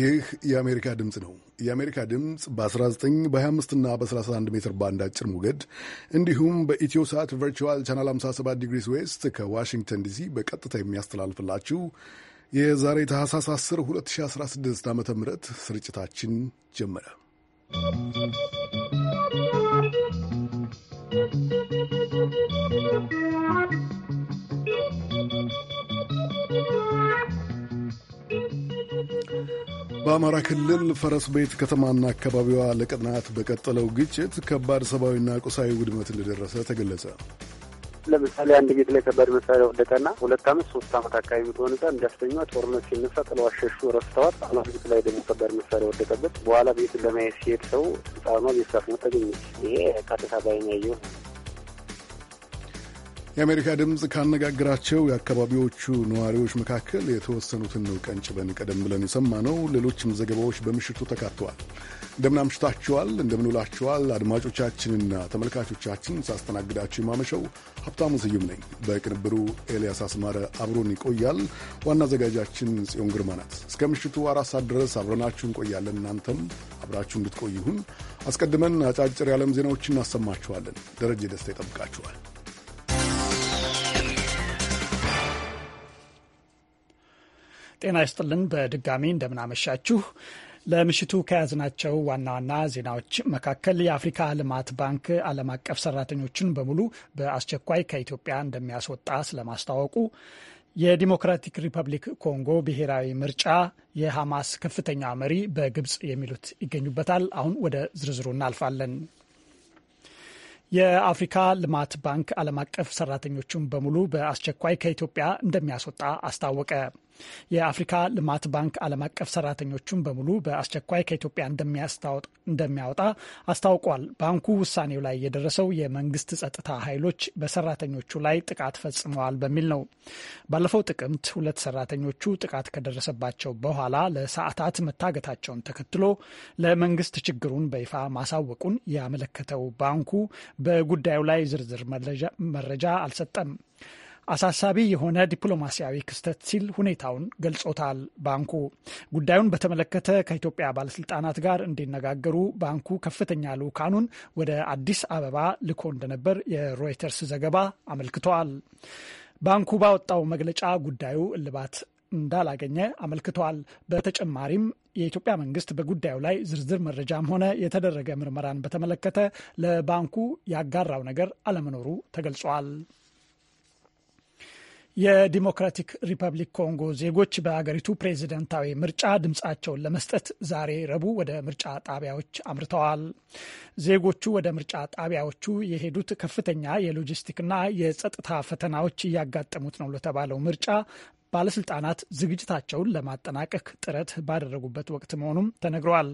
ይህ የአሜሪካ ድምፅ ነው። የአሜሪካ ድምፅ በ19 በ25 እና በ31 ሜትር ባንድ አጭር ሞገድ እንዲሁም በኢትዮ ሰዓት ቨርቹዋል ቻናል 57 ዲግሪስ ዌስት ከዋሽንግተን ዲሲ በቀጥታ የሚያስተላልፍላችሁ የዛሬ ታህሳስ 10 2016 ዓ ም ስርጭታችን ጀመረ። በአማራ ክልል ፈረስ ቤት ከተማና አካባቢዋ ለቀናት በቀጠለው ግጭት ከባድ ሰብአዊና ቁሳዊ ውድመት እንደደረሰ ተገለጸ። ለምሳሌ አንድ ቤት ላይ ከባድ መሳሪያ ወደቀና ሁለት አመት ሶስት አመት አካባቢ የምትሆን ህጻን እንዲያስተኛ ጦርነት ሲነሳ ጥለው አሸሹ፣ ረስተዋል። አላ ቤት ላይ ደግሞ ከባድ መሳሪያ ወደቀበት። በኋላ ቤት ለማየት ሲሄድ ሰው ህጻኗ ቤት ሳትሞት ተገኘች። ይሄ ቀጥታ ባይን ያየው የአሜሪካ ድምፅ ካነጋግራቸው የአካባቢዎቹ ነዋሪዎች መካከል የተወሰኑትን ነው ቀንጭበን ቀደም ብለን ነው። ሌሎችም ዘገባዎች በምሽቱ ተካተዋል። እንደምናምሽታችኋል፣ እንደምንውላችኋል አድማጮቻችንና ተመልካቾቻችን ሳስተናግዳችሁ የማመሸው ሀብታሙ ስዩም ነኝ። በቅንብሩ ኤልያስ አስማረ አብሮን ይቆያል። ዋና አዘጋጃችን ጽዮን ግርማ ናት። እስከ ምሽቱ አራት ሰዓት ድረስ አብረናችሁ እንቆያለን። እናንተም አብራችሁ እንድትቆይ ይሁን። አስቀድመን አጫጭር የዓለም ዜናዎችን እናሰማችኋለን። ደረጀ ደስታ ይጠብቃችኋል። ጤና ይስጥልን በድጋሚ እንደምናመሻችሁ። ለምሽቱ ከያዝናቸው ዋና ዋና ዜናዎች መካከል የአፍሪካ ልማት ባንክ ዓለም አቀፍ ሰራተኞችን በሙሉ በአስቸኳይ ከኢትዮጵያ እንደሚያስወጣ ስለማስታወቁ፣ የዲሞክራቲክ ሪፐብሊክ ኮንጎ ብሔራዊ ምርጫ፣ የሐማስ ከፍተኛ መሪ በግብፅ የሚሉት ይገኙበታል። አሁን ወደ ዝርዝሩ እናልፋለን። የአፍሪካ ልማት ባንክ ዓለም አቀፍ ሰራተኞቹን በሙሉ በአስቸኳይ ከኢትዮጵያ እንደሚያስወጣ አስታወቀ። የአፍሪካ ልማት ባንክ ዓለም አቀፍ ሰራተኞቹን በሙሉ በአስቸኳይ ከኢትዮጵያ እንደሚያወጣ አስታውቋል። ባንኩ ውሳኔው ላይ የደረሰው የመንግስት ጸጥታ ኃይሎች በሰራተኞቹ ላይ ጥቃት ፈጽመዋል በሚል ነው። ባለፈው ጥቅምት ሁለት ሰራተኞቹ ጥቃት ከደረሰባቸው በኋላ ለሰዓታት መታገታቸውን ተከትሎ ለመንግስት ችግሩን በይፋ ማሳወቁን ያመለከተው ባንኩ በጉዳዩ ላይ ዝርዝር መረጃ አልሰጠም። አሳሳቢ የሆነ ዲፕሎማሲያዊ ክስተት ሲል ሁኔታውን ገልጾታል። ባንኩ ጉዳዩን በተመለከተ ከኢትዮጵያ ባለስልጣናት ጋር እንዲነጋገሩ ባንኩ ከፍተኛ ልዑካኑን ወደ አዲስ አበባ ልኮ እንደነበር የሮይተርስ ዘገባ አመልክቷል። ባንኩ ባወጣው መግለጫ ጉዳዩ እልባት እንዳላገኘ አመልክቷል። በተጨማሪም የኢትዮጵያ መንግስት በጉዳዩ ላይ ዝርዝር መረጃም ሆነ የተደረገ ምርመራን በተመለከተ ለባንኩ ያጋራው ነገር አለመኖሩ ተገልጿል። የዲሞክራቲክ ሪፐብሊክ ኮንጎ ዜጎች በአገሪቱ ፕሬዚደንታዊ ምርጫ ድምፃቸውን ለመስጠት ዛሬ ረቡዕ ወደ ምርጫ ጣቢያዎች አምርተዋል። ዜጎቹ ወደ ምርጫ ጣቢያዎቹ የሄዱት ከፍተኛ የሎጂስቲክና የጸጥታ ፈተናዎች እያጋጠሙት ነው ለተባለው ምርጫ ባለስልጣናት ዝግጅታቸውን ለማጠናቀቅ ጥረት ባደረጉበት ወቅት መሆኑም ተነግረዋል።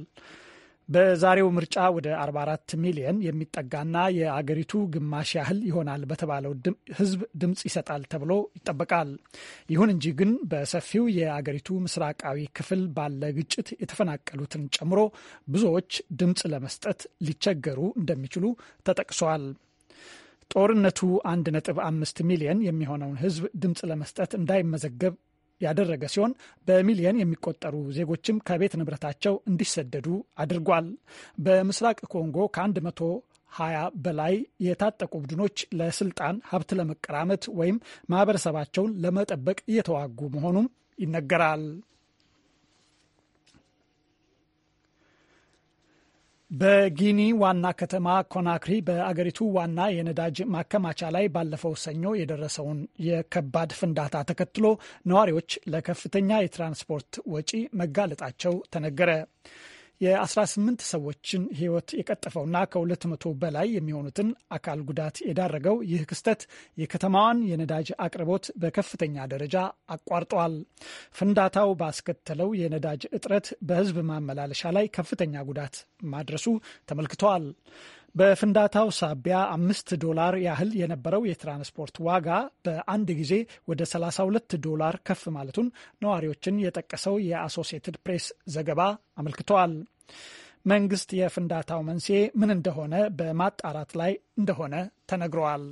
በዛሬው ምርጫ ወደ 44 ሚሊየን የሚጠጋና የአገሪቱ ግማሽ ያህል ይሆናል በተባለው ህዝብ ድምፅ ይሰጣል ተብሎ ይጠበቃል። ይሁን እንጂ ግን በሰፊው የአገሪቱ ምስራቃዊ ክፍል ባለ ግጭት የተፈናቀሉትን ጨምሮ ብዙዎች ድምፅ ለመስጠት ሊቸገሩ እንደሚችሉ ተጠቅሷል። ጦርነቱ 1.5 ሚሊየን የሚሆነውን ህዝብ ድምፅ ለመስጠት እንዳይመዘገብ ያደረገ ሲሆን በሚሊየን የሚቆጠሩ ዜጎችም ከቤት ንብረታቸው እንዲሰደዱ አድርጓል። በምስራቅ ኮንጎ ከአንድ መቶ ሀያ በላይ የታጠቁ ቡድኖች ለስልጣን ሀብት ለመቀራመት ወይም ማህበረሰባቸውን ለመጠበቅ እየተዋጉ መሆኑም ይነገራል። በጊኒ ዋና ከተማ ኮናክሪ በአገሪቱ ዋና የነዳጅ ማከማቻ ላይ ባለፈው ሰኞ የደረሰውን የከባድ ፍንዳታ ተከትሎ ነዋሪዎች ለከፍተኛ የትራንስፖርት ወጪ መጋለጣቸው ተነገረ። የ18 ሰዎችን የቀጠፈው የቀጠፈውና ከ200 በላይ የሚሆኑትን አካል ጉዳት የዳረገው ይህ ክስተት የከተማዋን የነዳጅ አቅርቦት በከፍተኛ ደረጃ አቋርጧል። ፍንዳታው ባስከተለው የነዳጅ እጥረት በህዝብ ማመላለሻ ላይ ከፍተኛ ጉዳት ማድረሱ ተመልክተዋል። በፍንዳታው ሳቢያ አምስት ዶላር ያህል የነበረው የትራንስፖርት ዋጋ በአንድ ጊዜ ወደ 32 ዶላር ከፍ ማለቱን ነዋሪዎችን የጠቀሰው የአሶሲየትድ ፕሬስ ዘገባ አመልክተዋል። መንግስት የፍንዳታው መንስኤ ምን እንደሆነ በማጣራት ላይ እንደሆነ ተነግረዋል።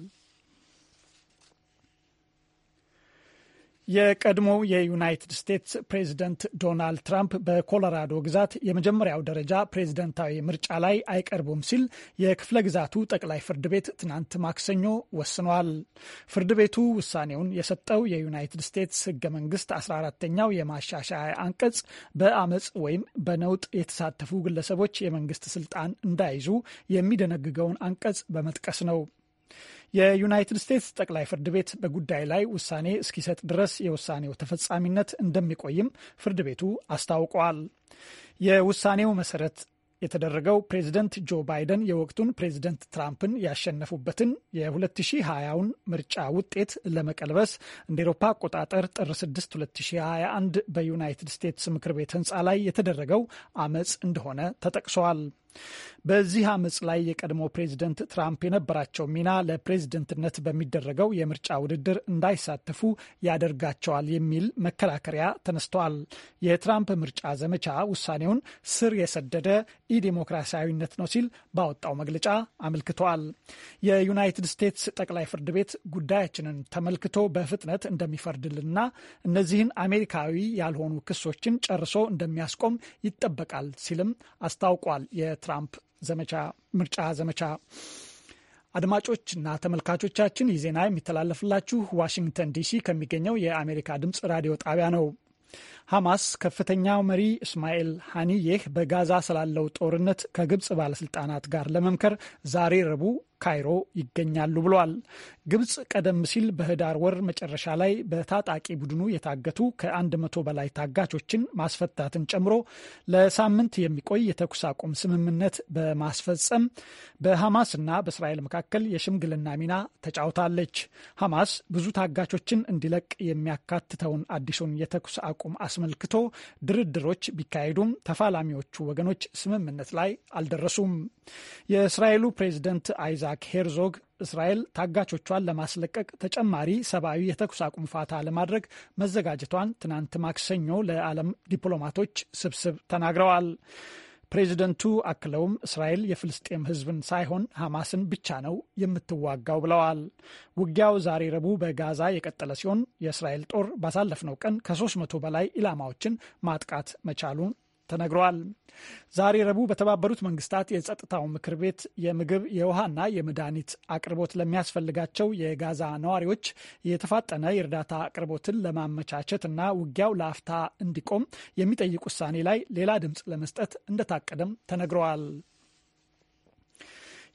የቀድሞው የዩናይትድ ስቴትስ ፕሬዚደንት ዶናልድ ትራምፕ በኮሎራዶ ግዛት የመጀመሪያው ደረጃ ፕሬዝደንታዊ ምርጫ ላይ አይቀርቡም ሲል የክፍለ ግዛቱ ጠቅላይ ፍርድ ቤት ትናንት ማክሰኞ ወስኗል። ፍርድ ቤቱ ውሳኔውን የሰጠው የዩናይትድ ስቴትስ ህገ መንግስት 14ተኛው የማሻሻያ አንቀጽ በአመፅ ወይም በነውጥ የተሳተፉ ግለሰቦች የመንግስት ስልጣን እንዳይዙ የሚደነግገውን አንቀጽ በመጥቀስ ነው። የዩናይትድ ስቴትስ ጠቅላይ ፍርድ ቤት በጉዳይ ላይ ውሳኔ እስኪሰጥ ድረስ የውሳኔው ተፈጻሚነት እንደሚቆይም ፍርድ ቤቱ አስታውቋል። የውሳኔው መሰረት የተደረገው ፕሬዚደንት ጆ ባይደን የወቅቱን ፕሬዚደንት ትራምፕን ያሸነፉበትን የ2020ውን ምርጫ ውጤት ለመቀልበስ እንደ ኤሮፓ አቆጣጠር ጥር 6 2021 በዩናይትድ ስቴትስ ምክር ቤት ህንፃ ላይ የተደረገው አመፅ እንደሆነ ተጠቅሷል። በዚህ አመፅ ላይ የቀድሞ ፕሬዚደንት ትራምፕ የነበራቸው ሚና ለፕሬዝደንትነት በሚደረገው የምርጫ ውድድር እንዳይሳተፉ ያደርጋቸዋል የሚል መከራከሪያ ተነስተዋል። የትራምፕ ምርጫ ዘመቻ ውሳኔውን ስር የሰደደ ኢዴሞክራሲያዊነት ነው ሲል ባወጣው መግለጫ አመልክተዋል። የዩናይትድ ስቴትስ ጠቅላይ ፍርድ ቤት ጉዳያችንን ተመልክቶ በፍጥነት እንደሚፈርድልና እነዚህን አሜሪካዊ ያልሆኑ ክሶችን ጨርሶ እንደሚያስቆም ይጠበቃል ሲልም አስታውቋል። ትራምፕ ዘመቻ ምርጫ ዘመቻ። አድማጮችና ተመልካቾቻችን ይህ ዜና የሚተላለፍላችሁ ዋሽንግተን ዲሲ ከሚገኘው የአሜሪካ ድምፅ ራዲዮ ጣቢያ ነው። ሐማስ ከፍተኛው መሪ እስማኤል ሐኒዬህ በጋዛ ስላለው ጦርነት ከግብፅ ባለስልጣናት ጋር ለመምከር ዛሬ ረቡዕ ካይሮ ይገኛሉ ብሏል። ግብጽ ቀደም ሲል በህዳር ወር መጨረሻ ላይ በታጣቂ ቡድኑ የታገቱ ከአንድ መቶ በላይ ታጋቾችን ማስፈታትን ጨምሮ ለሳምንት የሚቆይ የተኩስ አቁም ስምምነት በማስፈጸም ና በእስራኤል መካከል የሽምግልና ሚና ተጫውታለች። ሐማስ ብዙ ታጋቾችን እንዲለቅ የሚያካትተውን አዲሱን የተኩስ አቁም አስመልክቶ ድርድሮች ቢካሄዱም ተፋላሚዎቹ ወገኖች ስምምነት ላይ አልደረሱም። የእስራኤሉ ፕሬዚደንት አይዛክ ሄርዞግ እስራኤል ታጋቾቿን ለማስለቀቅ ተጨማሪ ሰብአዊ የተኩስ አቁም ፋታ ለማድረግ መዘጋጀቷን ትናንት ማክሰኞ ለዓለም ዲፕሎማቶች ስብስብ ተናግረዋል። ፕሬዚደንቱ አክለውም እስራኤል የፍልስጤም ሕዝብን ሳይሆን ሐማስን ብቻ ነው የምትዋጋው ብለዋል። ውጊያው ዛሬ ረቡዕ በጋዛ የቀጠለ ሲሆን የእስራኤል ጦር ባሳለፍነው ቀን ከ300 በላይ ኢላማዎችን ማጥቃት መቻሉን ተነግረዋል። ዛሬ ረቡዕ በተባበሩት መንግስታት የጸጥታው ምክር ቤት የምግብ የውሃና የመድኃኒት አቅርቦት ለሚያስፈልጋቸው የጋዛ ነዋሪዎች የተፋጠነ የእርዳታ አቅርቦትን ለማመቻቸት እና ውጊያው ለአፍታ እንዲቆም የሚጠይቅ ውሳኔ ላይ ሌላ ድምፅ ለመስጠት እንደታቀደም ተነግረዋል።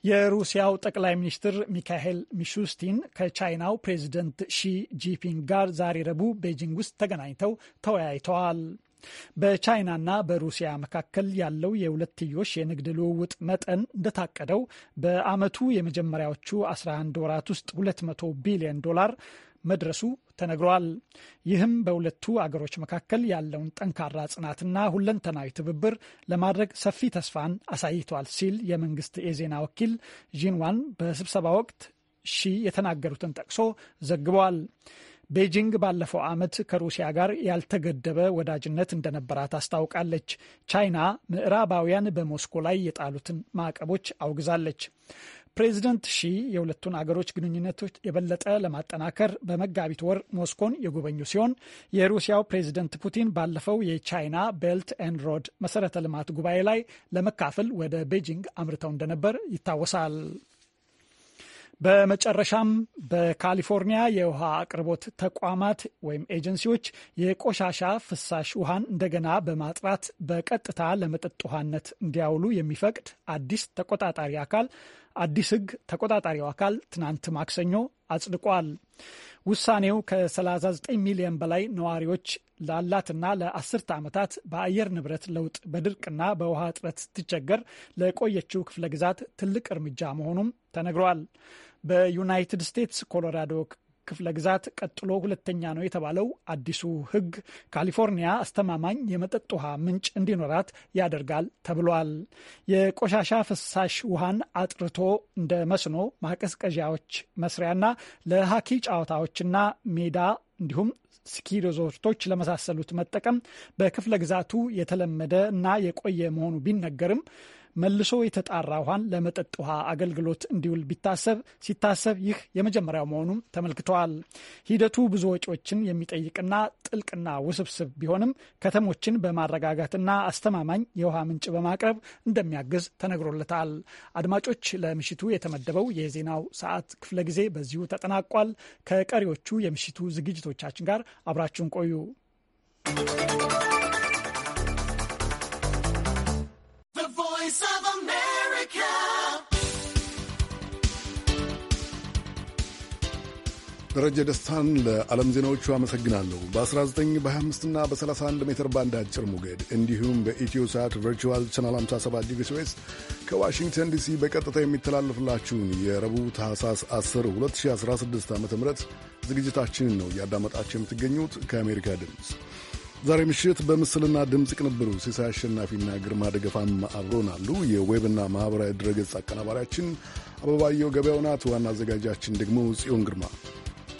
የሩሲያው ጠቅላይ ሚኒስትር ሚካኤል ሚሹስቲን ከቻይናው ፕሬዚደንት ሺ ጂፒንግ ጋር ዛሬ ረቡዕ ቤጂንግ ውስጥ ተገናኝተው ተወያይተዋል። በቻይናና በሩሲያ መካከል ያለው የሁለትዮሽ የንግድ ልውውጥ መጠን እንደታቀደው በዓመቱ የመጀመሪያዎቹ 11 ወራት ውስጥ 200 ቢሊዮን ዶላር መድረሱ ተነግሯል። ይህም በሁለቱ አገሮች መካከል ያለውን ጠንካራ ጽናትና ሁለንተናዊ ትብብር ለማድረግ ሰፊ ተስፋን አሳይቷል ሲል የመንግስት የዜና ወኪል ዢንዋን በስብሰባ ወቅት ሺ የተናገሩትን ጠቅሶ ዘግቧል። ቤጂንግ ባለፈው ዓመት ከሩሲያ ጋር ያልተገደበ ወዳጅነት እንደነበራት አስታውቃለች። ቻይና ምዕራባውያን በሞስኮ ላይ የጣሉትን ማዕቀቦች አውግዛለች። ፕሬዚደንት ሺ የሁለቱን አገሮች ግንኙነቶች የበለጠ ለማጠናከር በመጋቢት ወር ሞስኮን የጎበኙ ሲሆን የሩሲያው ፕሬዚደንት ፑቲን ባለፈው የቻይና ቤልት ኤንድ ሮድ መሰረተ ልማት ጉባኤ ላይ ለመካፈል ወደ ቤጂንግ አምርተው እንደነበር ይታወሳል። በመጨረሻም በካሊፎርኒያ የውሃ አቅርቦት ተቋማት ወይም ኤጀንሲዎች የቆሻሻ ፍሳሽ ውሃን እንደገና በማጥራት በቀጥታ ለመጠጥ ውሃነት እንዲያውሉ የሚፈቅድ አዲስ ተቆጣጣሪ አካል አዲስ ሕግ ተቆጣጣሪው አካል ትናንት ማክሰኞ አጽድቋል። ውሳኔው ከ39 ሚሊዮን በላይ ነዋሪዎች ላላትና ለአስርተ ዓመታት በአየር ንብረት ለውጥ በድርቅና በውሃ እጥረት ስትቸገር ለቆየችው ክፍለ ግዛት ትልቅ እርምጃ መሆኑም ተነግሯል። በዩናይትድ ስቴትስ ኮሎራዶ ክፍለ ግዛት ቀጥሎ ሁለተኛ ነው የተባለው አዲሱ ህግ ካሊፎርኒያ አስተማማኝ የመጠጥ ውሃ ምንጭ እንዲኖራት ያደርጋል ተብሏል። የቆሻሻ ፍሳሽ ውሃን አጥርቶ እንደ መስኖ ማቀዝቀዣዎች መስሪያና ለሀኪ ጨዋታዎችና ሜዳ እንዲሁም ስኪ ሪዞርቶች ለመሳሰሉት መጠቀም በክፍለ ግዛቱ የተለመደ እና የቆየ መሆኑ ቢነገርም መልሶ የተጣራ ውሃን ለመጠጥ ውሃ አገልግሎት እንዲውል ቢታሰብ ሲታሰብ ይህ የመጀመሪያው መሆኑም ተመልክተዋል። ሂደቱ ብዙ ወጪዎችን የሚጠይቅና ጥልቅና ውስብስብ ቢሆንም ከተሞችን በማረጋጋትና አስተማማኝ የውሃ ምንጭ በማቅረብ እንደሚያግዝ ተነግሮለታል። አድማጮች፣ ለምሽቱ የተመደበው የዜናው ሰዓት ክፍለ ጊዜ በዚሁ ተጠናቋል። ከቀሪዎቹ የምሽቱ ዝግጅቶቻችን ጋር አብራችሁን ቆዩ። ደረጀ ደስታን ለዓለም ዜናዎቹ አመሰግናለሁ። በ19 በ25ና በ31 ሜትር ባንድ አጭር ሞገድ እንዲሁም በኢትዮ ሳት ቨርቹዋል ቻናል 57 ዲግሪ ከዋሽንግተን ዲሲ በቀጥታ የሚተላለፍላችሁን የረቡዕ ታህሳስ 10 2016 ዓ ም ዝግጅታችንን ነው እያዳመጣችሁ የምትገኙት ከአሜሪካ ድምፅ። ዛሬ ምሽት በምስልና ድምፅ ቅንብሩ ሲሳይ አሸናፊና ግርማ ደገፋም አብሮናሉ። የዌብና ማኅበራዊ ድረገጽ አቀናባሪያችን አበባየው ገበያው ናት። ዋና አዘጋጃችን ደግሞ ጽዮን ግርማ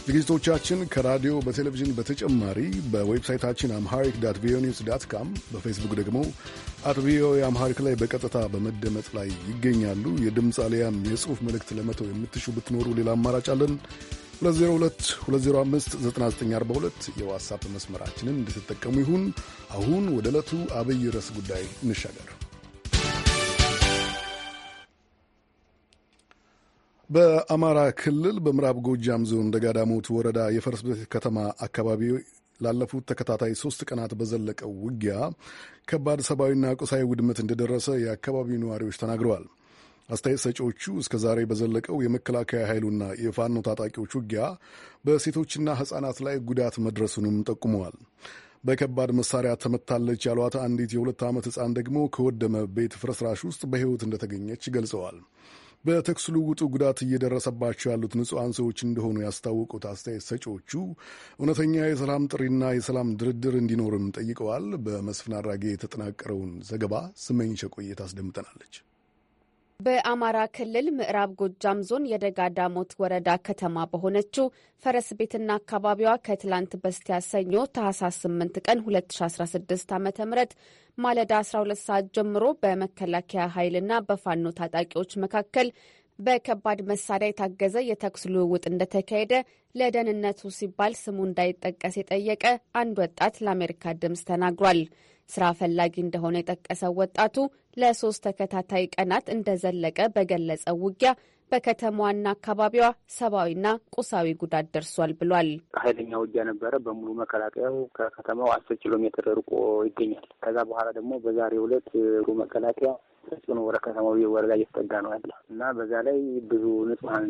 ዝግጅቶቻችን ከራዲዮ በቴሌቪዥን በተጨማሪ በዌብሳይታችን አምሃሪክ ዳት ቪኦኤ ኒውስ ዳት ካም፣ በፌስቡክ ደግሞ አት ቪኦኤ አምሃሪክ ላይ በቀጥታ በመደመጥ ላይ ይገኛሉ። የድምፅ አሊያም የጽሑፍ መልእክት ለመተው የምትሹ ብትኖሩ ሌላ አማራጭ አለን። 2022059942 የዋትሳፕ መስመራችንን እንድትጠቀሙ ይሁን። አሁን ወደ ዕለቱ አብይ ርዕስ ጉዳይ እንሻገር። በአማራ ክልል በምዕራብ ጎጃም ዞን ደጋዳሞት ወረዳ የፈረስ ቤት ከተማ አካባቢ ላለፉት ተከታታይ ሶስት ቀናት በዘለቀው ውጊያ ከባድ ሰብአዊና ቁሳዊ ውድመት እንደደረሰ የአካባቢው ነዋሪዎች ተናግረዋል። አስተያየት ሰጪዎቹ እስከ ዛሬ በዘለቀው የመከላከያ ኃይሉና የፋኖ ታጣቂዎች ውጊያ በሴቶችና ሕፃናት ላይ ጉዳት መድረሱንም ጠቁመዋል። በከባድ መሳሪያ ተመታለች ያሏት አንዲት የሁለት ዓመት ሕፃን ደግሞ ከወደመ ቤት ፍርስራሽ ውስጥ በሕይወት እንደተገኘች ገልጸዋል። በተኩስ ልውጡ ጉዳት እየደረሰባቸው ያሉት ንጹሐን ሰዎች እንደሆኑ ያስታወቁት አስተያየት ሰጪዎቹ እውነተኛ የሰላም ጥሪና የሰላም ድርድር እንዲኖርም ጠይቀዋል። በመስፍን አድራጌ የተጠናቀረውን ዘገባ ስመኝሸ ቆየት አስደምጠናለች። በአማራ ክልል ምዕራብ ጎጃም ዞን የደጋ ዳሞት ወረዳ ከተማ በሆነችው ፈረስ ቤትና አካባቢዋ ከትላንት በስቲያ ሰኞ ታህሳስ 8 ቀን 2016 ዓ ም ማለዳ 12 ሰዓት ጀምሮ በመከላከያ ኃይልና በፋኖ ታጣቂዎች መካከል በከባድ መሳሪያ የታገዘ የተኩስ ልውውጥ እንደተካሄደ ለደህንነቱ ሲባል ስሙ እንዳይጠቀስ የጠየቀ አንድ ወጣት ለአሜሪካ ድምፅ ተናግሯል። ስራ ፈላጊ እንደሆነ የጠቀሰው ወጣቱ ለሶስት ተከታታይ ቀናት እንደዘለቀ በገለጸው ውጊያ በከተማዋና አካባቢዋ ሰብአዊና ቁሳዊ ጉዳት ደርሷል ብሏል። ኃይለኛ ውጊያ ነበረ። በሙሉ መከላከያው ከከተማው አስር ኪሎ ሜትር ርቆ ይገኛል። ከዛ በኋላ ደግሞ በዛሬው ዕለት ሩ መከላከያ ጽኑ ወደ ከተማው ወረዳ እየተጠጋ ነው ያለ እና በዛ ላይ ብዙ ንጹሀን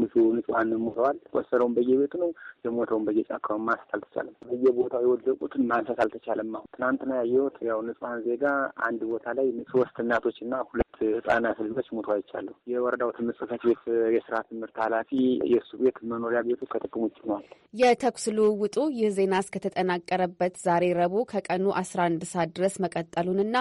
ንጹሀን ሞተዋል። ቆሰለውን በየቤቱ ነው የሞተውን በየጫካውን ማንሳት አልተቻለም። በየቦታው የወደቁትን ማንሳት አልተቻለም። አሁን ትናንትና ያየሁት ያው ንጹሀን ዜጋ አንድ ቦታ ላይ ሶስት እናቶች እና ሁለት ህጻናት ልጆች ሙቶ አይቻለሁ። የወረዳው ትምህርት ቤት የስራ ትምህርት ኃላፊ የእሱ ቤት መኖሪያ ቤቱ ከጥቅም ውጭ ነዋል። የተኩስ ልውውጡ ይህ ዜና እስከተጠናቀረበት ዛሬ ረቡዕ ከቀኑ አስራ አንድ ሰዓት ድረስ መቀጠሉንና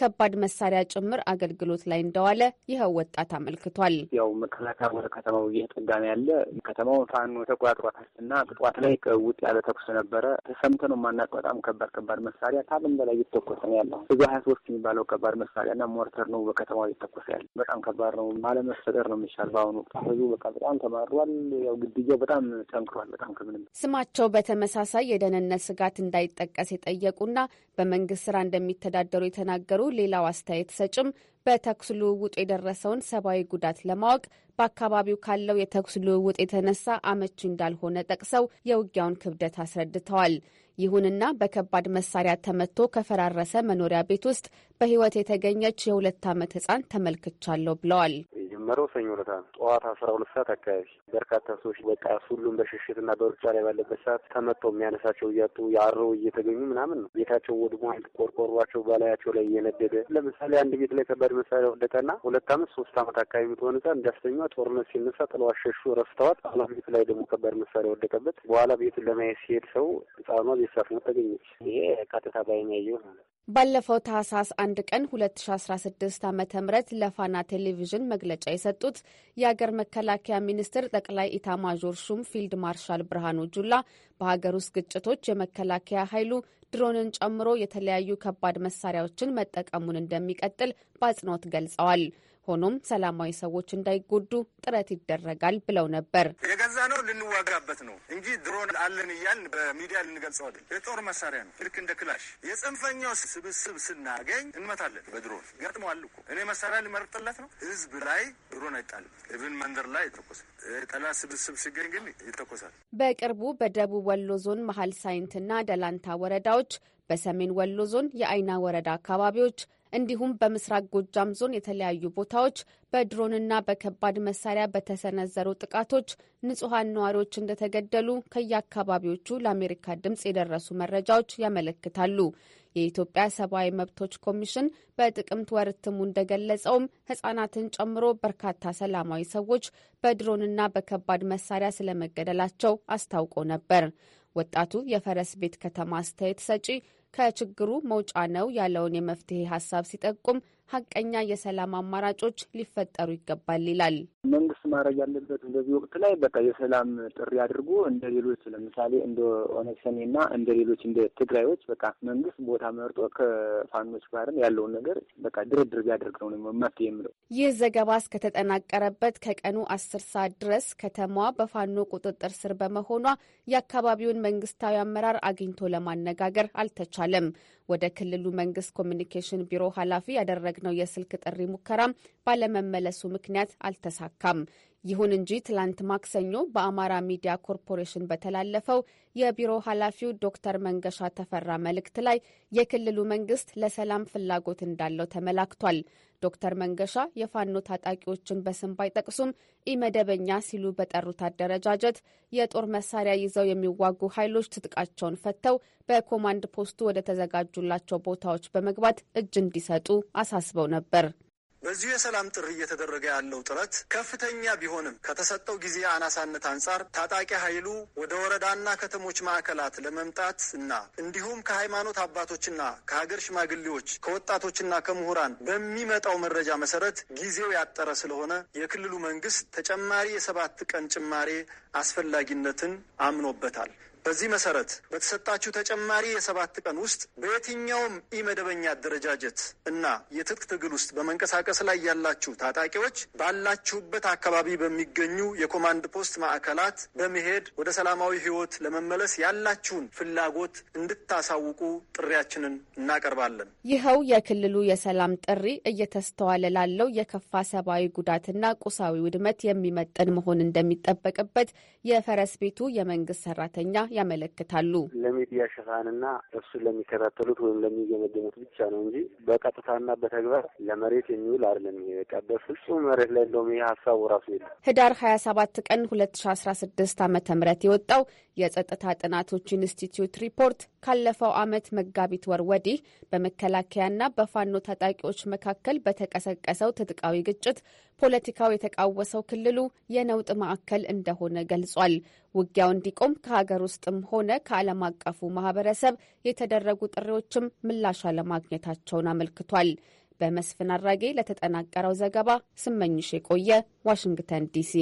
ከባድ መሳሪያ ጭምር አገልግሎት ላይ እንደዋለ ይኸው ወጣት አመልክቷል። ያው መከላከያ ወደ ከተማው እየጠጋ ያለ። ከተማው ፋኖ ተቆጣጥሯታል እና ጥዋት ላይ ውጥ ያለ ተኩስ ነበረ ተሰምተ ነው ማናቅ በጣም ከባድ ከባድ መሳሪያ ከአቅም በላይ እየተተኮሰ ነው ያለው። እዚ ሀያ ሶስት የሚባለው ከባድ መሳሪያ እና ሞርተር ነው በከተማው እየተኮሰ ያለ። በጣም ከባድ ነው። አለመፈጠር ነው የሚሻል። በአሁኑ ህዙ በቃ በጣም ተማሯል። ያው ግድያው በጣም ጠንክሯል። በጣም ክብንም ስማቸው በተመሳሳይ የደህንነት ስጋት እንዳይጠቀስ የጠየቁና በመንግስት ስራ እንደሚተዳደሩ የተናገሩ ሌላው አስተያየት ሰጭም በተኩስ ልውውጡ የደረሰውን ሰብአዊ ጉዳት ለማወቅ በአካባቢው ካለው የተኩስ ልውውጥ የተነሳ አመቺ እንዳልሆነ ጠቅሰው የውጊያውን ክብደት አስረድተዋል። ይሁንና በከባድ መሳሪያ ተመቶ ከፈራረሰ መኖሪያ ቤት ውስጥ በህይወት የተገኘች የሁለት ዓመት ህጻን ተመልክቻለሁ ብለዋል። የጀመረው ሰኞ ዕለት ነው። ጠዋት አስራ ሁለት ሰዓት አካባቢ በርካታ ሰዎች በቃ ሁሉም በሽሽት በሽሽትና በሩጫ ላይ ባለበት ሰዓት ተመተው የሚያነሳቸው እያጡ የአረው እየተገኙ ምናምን ነው። ቤታቸው ወድሞ አንድ ቆርቆሯቸው በላያቸው ላይ እየነደደ ለምሳሌ አንድ ቤት ላይ ከባድ መሳሪያ ወደቀና ሁለት አመት ሶስት አመት አካባቢ የምትሆን ህጻን እንዳስተኛ ጦርነት ሲነሳ ጥለዋት ሸሹ፣ ረስተዋት አላ ቤት ላይ ደግሞ ከባድ መሳሪያ ወደቀበት። በኋላ ቤቱን ለማየት ሲሄድ ሰው ህጻኗ ቤት ሳትሞት ተገኘች። ይሄ ቀጥታ ባይን ያየው ማለት ነው። ባለፈው ታህሳስ አንድ ቀን 2016 ዓ ም ለፋና ቴሌቪዥን መግለጫ የሰጡት የአገር መከላከያ ሚኒስትር ጠቅላይ ኢታማዦር ሹም ፊልድ ማርሻል ብርሃኑ ጁላ በሀገር ውስጥ ግጭቶች የመከላከያ ኃይሉ ድሮንን ጨምሮ የተለያዩ ከባድ መሳሪያዎችን መጠቀሙን እንደሚቀጥል በአጽንኦት ገልጸዋል። ሆኖም ሰላማዊ ሰዎች እንዳይጎዱ ጥረት ይደረጋል ብለው ነበር። የገዛ ነው ልንዋጋበት ነው እንጂ ድሮን አለን እያልን በሚዲያ ልንገልጸው የጦር መሳሪያ ነው። ልክ እንደ ክላሽ የጽንፈኛው ስብስብ ስናገኝ እንመታለን በድሮን ገጥመዋል እኮ እኔ መሳሪያ ልመርጥለት ነው። ህዝብ ላይ ድሮን አይጣልም። እብን መንደር ላይ ይተኮሳል። ጠላት ስብስብ ሲገኝ ግን ይተኮሳል። በቅርቡ በደቡብ ወሎ ዞን መሀል ሳይንትና ደላንታ ወረዳዎች በሰሜን ወሎ ዞን የአይና ወረዳ አካባቢዎች እንዲሁም በምስራቅ ጎጃም ዞን የተለያዩ ቦታዎች በድሮንና በከባድ መሳሪያ በተሰነዘሩ ጥቃቶች ንጹሐን ነዋሪዎች እንደተገደሉ ከየአካባቢዎቹ ለአሜሪካ ድምፅ የደረሱ መረጃዎች ያመለክታሉ። የኢትዮጵያ ሰብአዊ መብቶች ኮሚሽን በጥቅምት ወር እትሙ እንደገለጸውም ህጻናትን ጨምሮ በርካታ ሰላማዊ ሰዎች በድሮንና በከባድ መሳሪያ ስለመገደላቸው አስታውቆ ነበር። ወጣቱ የፈረስ ቤት ከተማ አስተያየት ሰጪ ከችግሩ መውጫ ነው ያለውን የመፍትሄ ሀሳብ ሲጠቁም ሀቀኛ የሰላም አማራጮች ሊፈጠሩ ይገባል ይላል። መንግስት ማድረግ ያለበት በዚህ ወቅት ላይ በቃ የሰላም ጥሪ አድርጎ እንደ ሌሎች ለምሳሌ እንደ ኦነግ ሸኔና እንደ ሌሎች እንደ ትግራዮች በቃ መንግስት ቦታ መርጦ ከፋኖች ጋርም ያለውን ነገር በቃ ድርድር ቢያደርግ ነው መፍትሄ የምለው። ይህ ዘገባ እስከተጠናቀረበት ከቀኑ አስር ሰዓት ድረስ ከተማዋ በፋኖ ቁጥጥር ስር በመሆኗ የአካባቢውን መንግስታዊ አመራር አግኝቶ ለማነጋገር አልተቻለም። ወደ ክልሉ መንግስት ኮሚኒኬሽን ቢሮ ኃላፊ ያደረግነው የስልክ ጥሪ ሙከራም ባለመመለሱ ምክንያት አልተሳካም። ይሁን እንጂ ትላንት ማክሰኞ በአማራ ሚዲያ ኮርፖሬሽን በተላለፈው የቢሮ ኃላፊው ዶክተር መንገሻ ተፈራ መልእክት ላይ የክልሉ መንግስት ለሰላም ፍላጎት እንዳለው ተመላክቷል። ዶክተር መንገሻ የፋኖ ታጣቂዎችን በስም ባይጠቅሱም ኢመደበኛ ሲሉ በጠሩት አደረጃጀት የጦር መሳሪያ ይዘው የሚዋጉ ኃይሎች ትጥቃቸውን ፈተው በኮማንድ ፖስቱ ወደ ተዘጋጁላቸው ቦታዎች በመግባት እጅ እንዲሰጡ አሳስበው ነበር። በዚሁ የሰላም ጥሪ እየተደረገ ያለው ጥረት ከፍተኛ ቢሆንም ከተሰጠው ጊዜ አናሳነት አንጻር ታጣቂ ኃይሉ ወደ ወረዳና ከተሞች ማዕከላት ለመምጣት እና እንዲሁም ከሃይማኖት አባቶችና ከሀገር ሽማግሌዎች ከወጣቶችና ከምሁራን በሚመጣው መረጃ መሰረት ጊዜው ያጠረ ስለሆነ የክልሉ መንግስት ተጨማሪ የሰባት ቀን ጭማሬ አስፈላጊነትን አምኖበታል። በዚህ መሰረት በተሰጣችሁ ተጨማሪ የሰባት ቀን ውስጥ በየትኛውም ኢመደበኛ አደረጃጀት እና የትጥቅ ትግል ውስጥ በመንቀሳቀስ ላይ ያላችሁ ታጣቂዎች ባላችሁበት አካባቢ በሚገኙ የኮማንድ ፖስት ማዕከላት በመሄድ ወደ ሰላማዊ ሕይወት ለመመለስ ያላችሁን ፍላጎት እንድታሳውቁ ጥሪያችንን እናቀርባለን። ይኸው የክልሉ የሰላም ጥሪ እየተስተዋለ ላለው የከፋ ሰብአዊ ጉዳትና ቁሳዊ ውድመት የሚመጠን መሆን እንደሚጠበቅበት የፈረስ ቤቱ የመንግስት ሰራተኛ ያመለክታሉ። ለሚዲያ ሽፋንና እሱን ለሚከታተሉት ወይም ለሚገመገሙት ብቻ ነው እንጂ በቀጥታና በተግባር ለመሬት የሚውል አይደለም። ይሄ በቃ በፍጹም መሬት ላይ እንደውም ይሄ ሀሳቡ ራሱ የለም። ህዳር ሀያ ሰባት ቀን ሁለት ሺ አስራ ስድስት አመተ ምህረት የወጣው የጸጥታ ጥናቶች ኢንስቲትዩት ሪፖርት ካለፈው ዓመት መጋቢት ወር ወዲህ በመከላከያና በፋኖ ታጣቂዎች መካከል በተቀሰቀሰው ትጥቃዊ ግጭት ፖለቲካው የተቃወሰው ክልሉ የነውጥ ማዕከል እንደሆነ ገልጿል። ውጊያው እንዲቆም ከሀገር ውስጥም ሆነ ከዓለም አቀፉ ማህበረሰብ የተደረጉ ጥሪዎችም ምላሽ አለማግኘታቸውን አመልክቷል። በመስፍን አራጌ ለተጠናቀረው ዘገባ ስመኝሽ የቆየ ዋሽንግተን ዲሲ።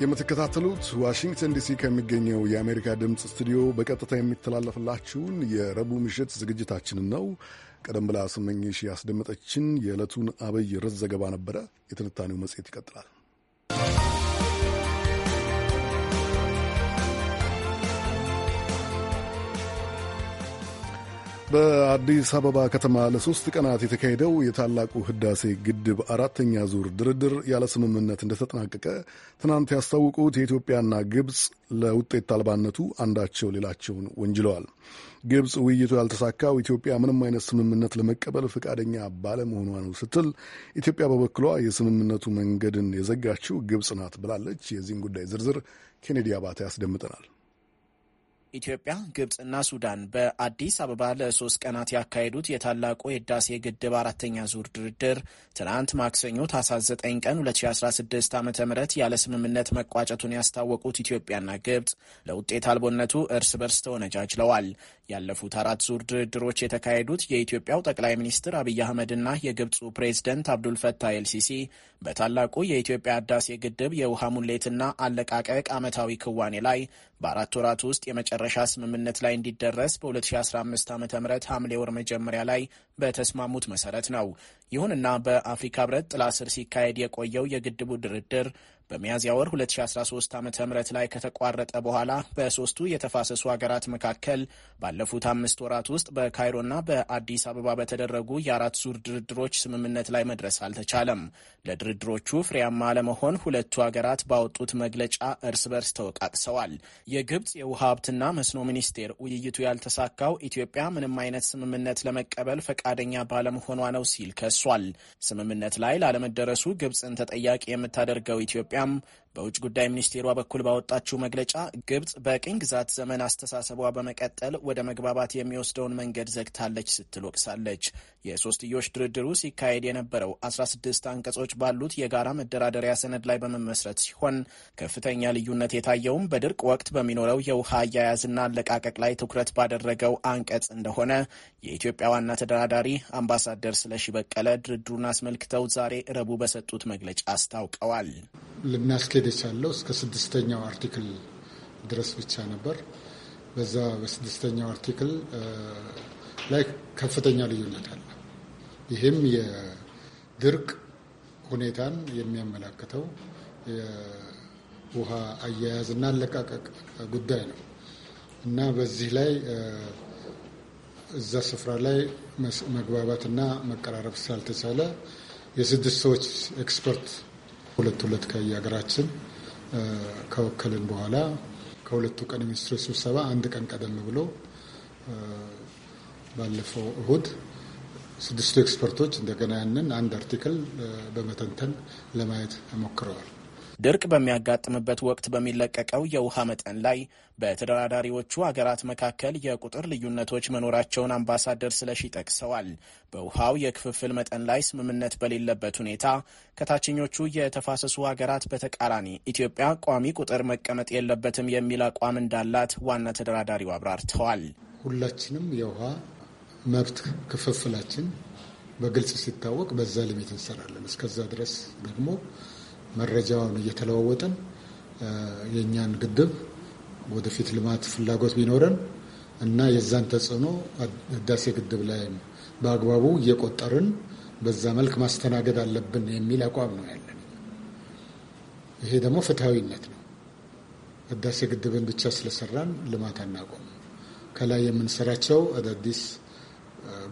የምትከታተሉት ዋሽንግተን ዲሲ ከሚገኘው የአሜሪካ ድምፅ ስቱዲዮ በቀጥታ የሚተላለፍላችሁን የረቡዕ ምሽት ዝግጅታችንን ነው። ቀደም ብላ ስመኝሽ ያስደመጠችን የዕለቱን አብይ ርዕስ ዘገባ ነበረ። የትንታኔው መጽሔት ይቀጥላል። በአዲስ አበባ ከተማ ለሶስት ቀናት የተካሄደው የታላቁ ህዳሴ ግድብ አራተኛ ዙር ድርድር ያለ ስምምነት እንደተጠናቀቀ ትናንት ያስታወቁት የኢትዮጵያና ግብፅ ለውጤት አልባነቱ አንዳቸው ሌላቸውን ወንጅለዋል። ግብፅ ውይይቱ ያልተሳካው ኢትዮጵያ ምንም አይነት ስምምነት ለመቀበል ፈቃደኛ ባለመሆኗ ነው ስትል፣ ኢትዮጵያ በበኩሏ የስምምነቱ መንገድን የዘጋችው ግብፅ ናት ብላለች። የዚህን ጉዳይ ዝርዝር ኬኔዲ አባተ ያስደምጠናል። ኢትዮጵያ፣ ግብጽና ሱዳን በአዲስ አበባ ለሶስት ቀናት ያካሄዱት የታላቁ የህዳሴ ግድብ አራተኛ ዙር ድርድር ትናንት ማክሰኞ ታህሳስ 9 ቀን 2016 ዓ ም ያለ ስምምነት መቋጨቱን ያስታወቁት ኢትዮጵያና ግብጽ ለውጤት አልቦነቱ እርስ በርስ ተወነጃጅለዋል። ያለፉት አራት ዙር ድርድሮች የተካሄዱት የኢትዮጵያው ጠቅላይ ሚኒስትር አብይ አህመድና የግብፁ ፕሬዝደንት አብዱልፈታህ ኤልሲሲ በታላቁ የኢትዮጵያ ህዳሴ ግድብ የውሃ ሙሌትና አለቃቀቅ ዓመታዊ ክዋኔ ላይ በአራት ወራት ውስጥ የመጨረሻ ስምምነት ላይ እንዲደረስ በ2015 ዓ ም ሐምሌ ወር መጀመሪያ ላይ በተስማሙት መሰረት ነው። ይሁንና በአፍሪካ ህብረት ጥላ ስር ሲካሄድ የቆየው የግድቡ ድርድር በሚያዝያ ወር 2013 ዓ ም ላይ ከተቋረጠ በኋላ በሶስቱ የተፋሰሱ ሀገራት መካከል ባለፉት አምስት ወራት ውስጥ በካይሮና በአዲስ አበባ በተደረጉ የአራት ዙር ድርድሮች ስምምነት ላይ መድረስ አልተቻለም። ለድርድሮቹ ፍሬያማ አለመሆን ሁለቱ ሀገራት ባወጡት መግለጫ እርስ በርስ ተወቃቅሰዋል። የግብፅ የውሃ ሀብትና መስኖ ሚኒስቴር ውይይቱ ያልተሳካው ኢትዮጵያ ምንም አይነት ስምምነት ለመቀበል ፈቃደኛ ባለመሆኗ ነው ሲል ከሷል። ስምምነት ላይ ላለመደረሱ ግብፅን ተጠያቂ የምታደርገው ኢትዮጵያ Beckham በውጭ ጉዳይ ሚኒስቴሯ በኩል ባወጣችው መግለጫ ግብጽ በቅኝ ግዛት ዘመን አስተሳሰቧ በመቀጠል ወደ መግባባት የሚወስደውን መንገድ ዘግታለች ስትል ወቅሳለች። የሶስትዮሽ ድርድሩ ሲካሄድ የነበረው 16 አንቀጾች ባሉት የጋራ መደራደሪያ ሰነድ ላይ በመመስረት ሲሆን ከፍተኛ ልዩነት የታየውም በድርቅ ወቅት በሚኖረው የውሃ አያያዝና አለቃቀቅ ላይ ትኩረት ባደረገው አንቀጽ እንደሆነ የኢትዮጵያ ዋና ተደራዳሪ አምባሳደር ስለሺ በቀለ ድርድሩን አስመልክተው ዛሬ ረቡዕ በሰጡት መግለጫ አስታውቀዋል። እየሄደች ያለው እስከ ስድስተኛው አርቲክል ድረስ ብቻ ነበር። በዛ በስድስተኛው አርቲክል ላይ ከፍተኛ ልዩነት አለ። ይህም የድርቅ ሁኔታን የሚያመላክተው የውሃ አያያዝ እና አለቃቀቅ ጉዳይ ነው እና በዚህ ላይ እዛ ስፍራ ላይ መግባባትና መቀራረብ ስላልተቻለ የስድስት ሰዎች ኤክስፐርት ሁለት ሁለት ከየሀገራችን ከወከልን በኋላ ከሁለቱ ቀን የሚኒስትሮች ስብሰባ አንድ ቀን ቀደም ብሎ ባለፈው እሁድ ስድስቱ ኤክስፐርቶች እንደገና ያንን አንድ አርቲክል በመተንተን ለማየት ሞክረዋል። ድርቅ በሚያጋጥምበት ወቅት በሚለቀቀው የውሃ መጠን ላይ በተደራዳሪዎቹ አገራት መካከል የቁጥር ልዩነቶች መኖራቸውን አምባሳደር ስለሺ ጠቅሰዋል። በውሃው የክፍፍል መጠን ላይ ስምምነት በሌለበት ሁኔታ ከታችኞቹ የተፋሰሱ ሀገራት በተቃራኒ ኢትዮጵያ ቋሚ ቁጥር መቀመጥ የለበትም የሚል አቋም እንዳላት ዋና ተደራዳሪው አብራርተዋል። ሁላችንም የውሃ መብት ክፍፍላችን በግልጽ ሲታወቅ በዛ ልሜት እንሰራለን። እስከዛ ድረስ ደግሞ መረጃውን እየተለዋወጥን የእኛን ግድብ ወደፊት ልማት ፍላጎት ቢኖረን እና የዛን ተጽዕኖ ህዳሴ ግድብ ላይ በአግባቡ እየቆጠርን በዛ መልክ ማስተናገድ አለብን የሚል አቋም ነው ያለን። ይሄ ደግሞ ፍትሐዊነት ነው። ህዳሴ ግድብን ብቻ ስለሰራን ልማት አናቆም። ከላይ የምንሰራቸው አዳዲስ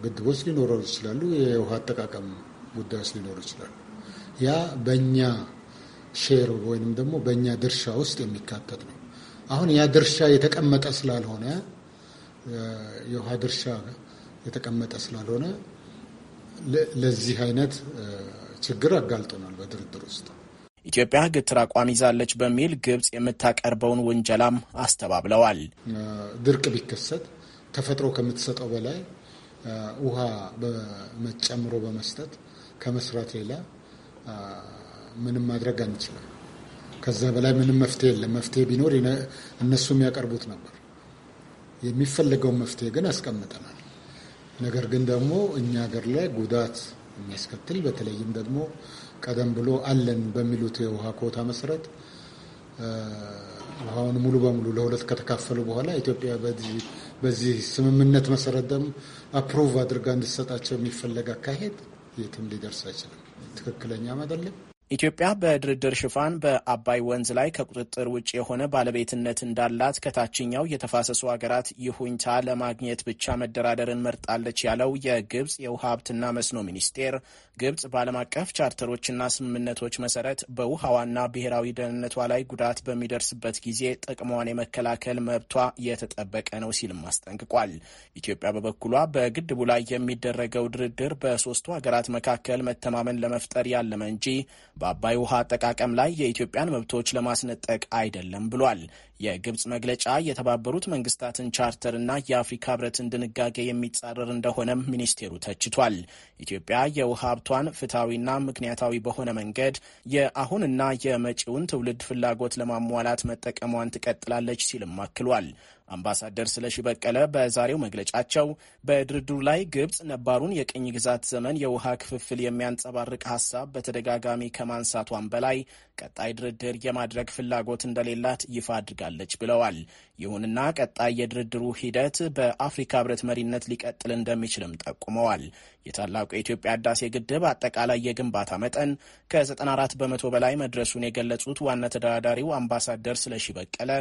ግድቦች ሊኖሩ ይችላሉ። የውሃ አጠቃቀም ጉዳዮች ሊኖሩ ይችላሉ። ያ በእኛ ሼር ወይንም ደግሞ በእኛ ድርሻ ውስጥ የሚካተት ነው። አሁን ያ ድርሻ የተቀመጠ ስላልሆነ የውሃ ድርሻ የተቀመጠ ስላልሆነ ለዚህ አይነት ችግር አጋልጦናል በድርድር ውስጥ። ኢትዮጵያ ግትር አቋም ይዛለች በሚል ግብጽ የምታቀርበውን ውንጀላም አስተባብለዋል። ድርቅ ቢከሰት ተፈጥሮ ከምትሰጠው በላይ ውሃ በመጨምሮ በመስጠት ከመስራት ሌላ ምንም ማድረግ አንችልም። ከዛ በላይ ምንም መፍትሄ የለም። መፍትሄ ቢኖር እነሱ የሚያቀርቡት ነበር። የሚፈለገውን መፍትሄ ግን አስቀምጠናል። ነገር ግን ደግሞ እኛ ሀገር ላይ ጉዳት የሚያስከትል በተለይም ደግሞ ቀደም ብሎ አለን በሚሉት የውሃ ኮታ መሰረት ውሃውን ሙሉ በሙሉ ለሁለት ከተካፈሉ በኋላ ኢትዮጵያ በዚህ ስምምነት መሰረት ደግሞ አፕሩቭ አድርጋ እንድሰጣቸው የሚፈለግ አካሄድ የትም ሊደርስ አይችልም። ትክክለኛም አይደለም። ኢትዮጵያ በድርድር ሽፋን በአባይ ወንዝ ላይ ከቁጥጥር ውጭ የሆነ ባለቤትነት እንዳላት ከታችኛው የተፋሰሱ ሀገራት ይሁኝታ ለማግኘት ብቻ መደራደርን መርጣለች ያለው የግብፅ የውሃ ሀብትና መስኖ ሚኒስቴር ግብፅ በዓለም አቀፍ ቻርተሮችና ስምምነቶች መሰረት በውሃዋና ብሔራዊ ደህንነቷ ላይ ጉዳት በሚደርስበት ጊዜ ጥቅሟን የመከላከል መብቷ የተጠበቀ ነው ሲልም አስጠንቅቋል። ኢትዮጵያ በበኩሏ በግድቡ ላይ የሚደረገው ድርድር በሶስቱ ሀገራት መካከል መተማመን ለመፍጠር ያለመ እንጂ በአባይ ውሃ አጠቃቀም ላይ የኢትዮጵያን መብቶች ለማስነጠቅ አይደለም ብሏል። የግብፅ መግለጫ የተባበሩት መንግስታትን ቻርተርና የአፍሪካ ህብረትን ድንጋጌ የሚጻረር እንደሆነም ሚኒስቴሩ ተችቷል። ኢትዮጵያ የውሃ ሀብቷን ፍትሐዊና ምክንያታዊ በሆነ መንገድ የአሁንና የመጪውን ትውልድ ፍላጎት ለማሟላት መጠቀሟን ትቀጥላለች ሲልም አክሏል። አምባሳደር ስለሺ በቀለ በዛሬው መግለጫቸው በድርድሩ ላይ ግብፅ ነባሩን የቅኝ ግዛት ዘመን የውሃ ክፍፍል የሚያንጸባርቅ ሀሳብ በተደጋጋሚ ከማንሳቷን በላይ ቀጣይ ድርድር የማድረግ ፍላጎት እንደሌላት ይፋ አድርጋል ትሻለች ብለዋል። ይሁንና ቀጣይ የድርድሩ ሂደት በአፍሪካ ህብረት መሪነት ሊቀጥል እንደሚችልም ጠቁመዋል። የታላቁ የኢትዮጵያ ህዳሴ ግድብ አጠቃላይ የግንባታ መጠን ከ94 በመቶ በላይ መድረሱን የገለጹት ዋና ተደራዳሪው አምባሳደር ስለሺ በቀለ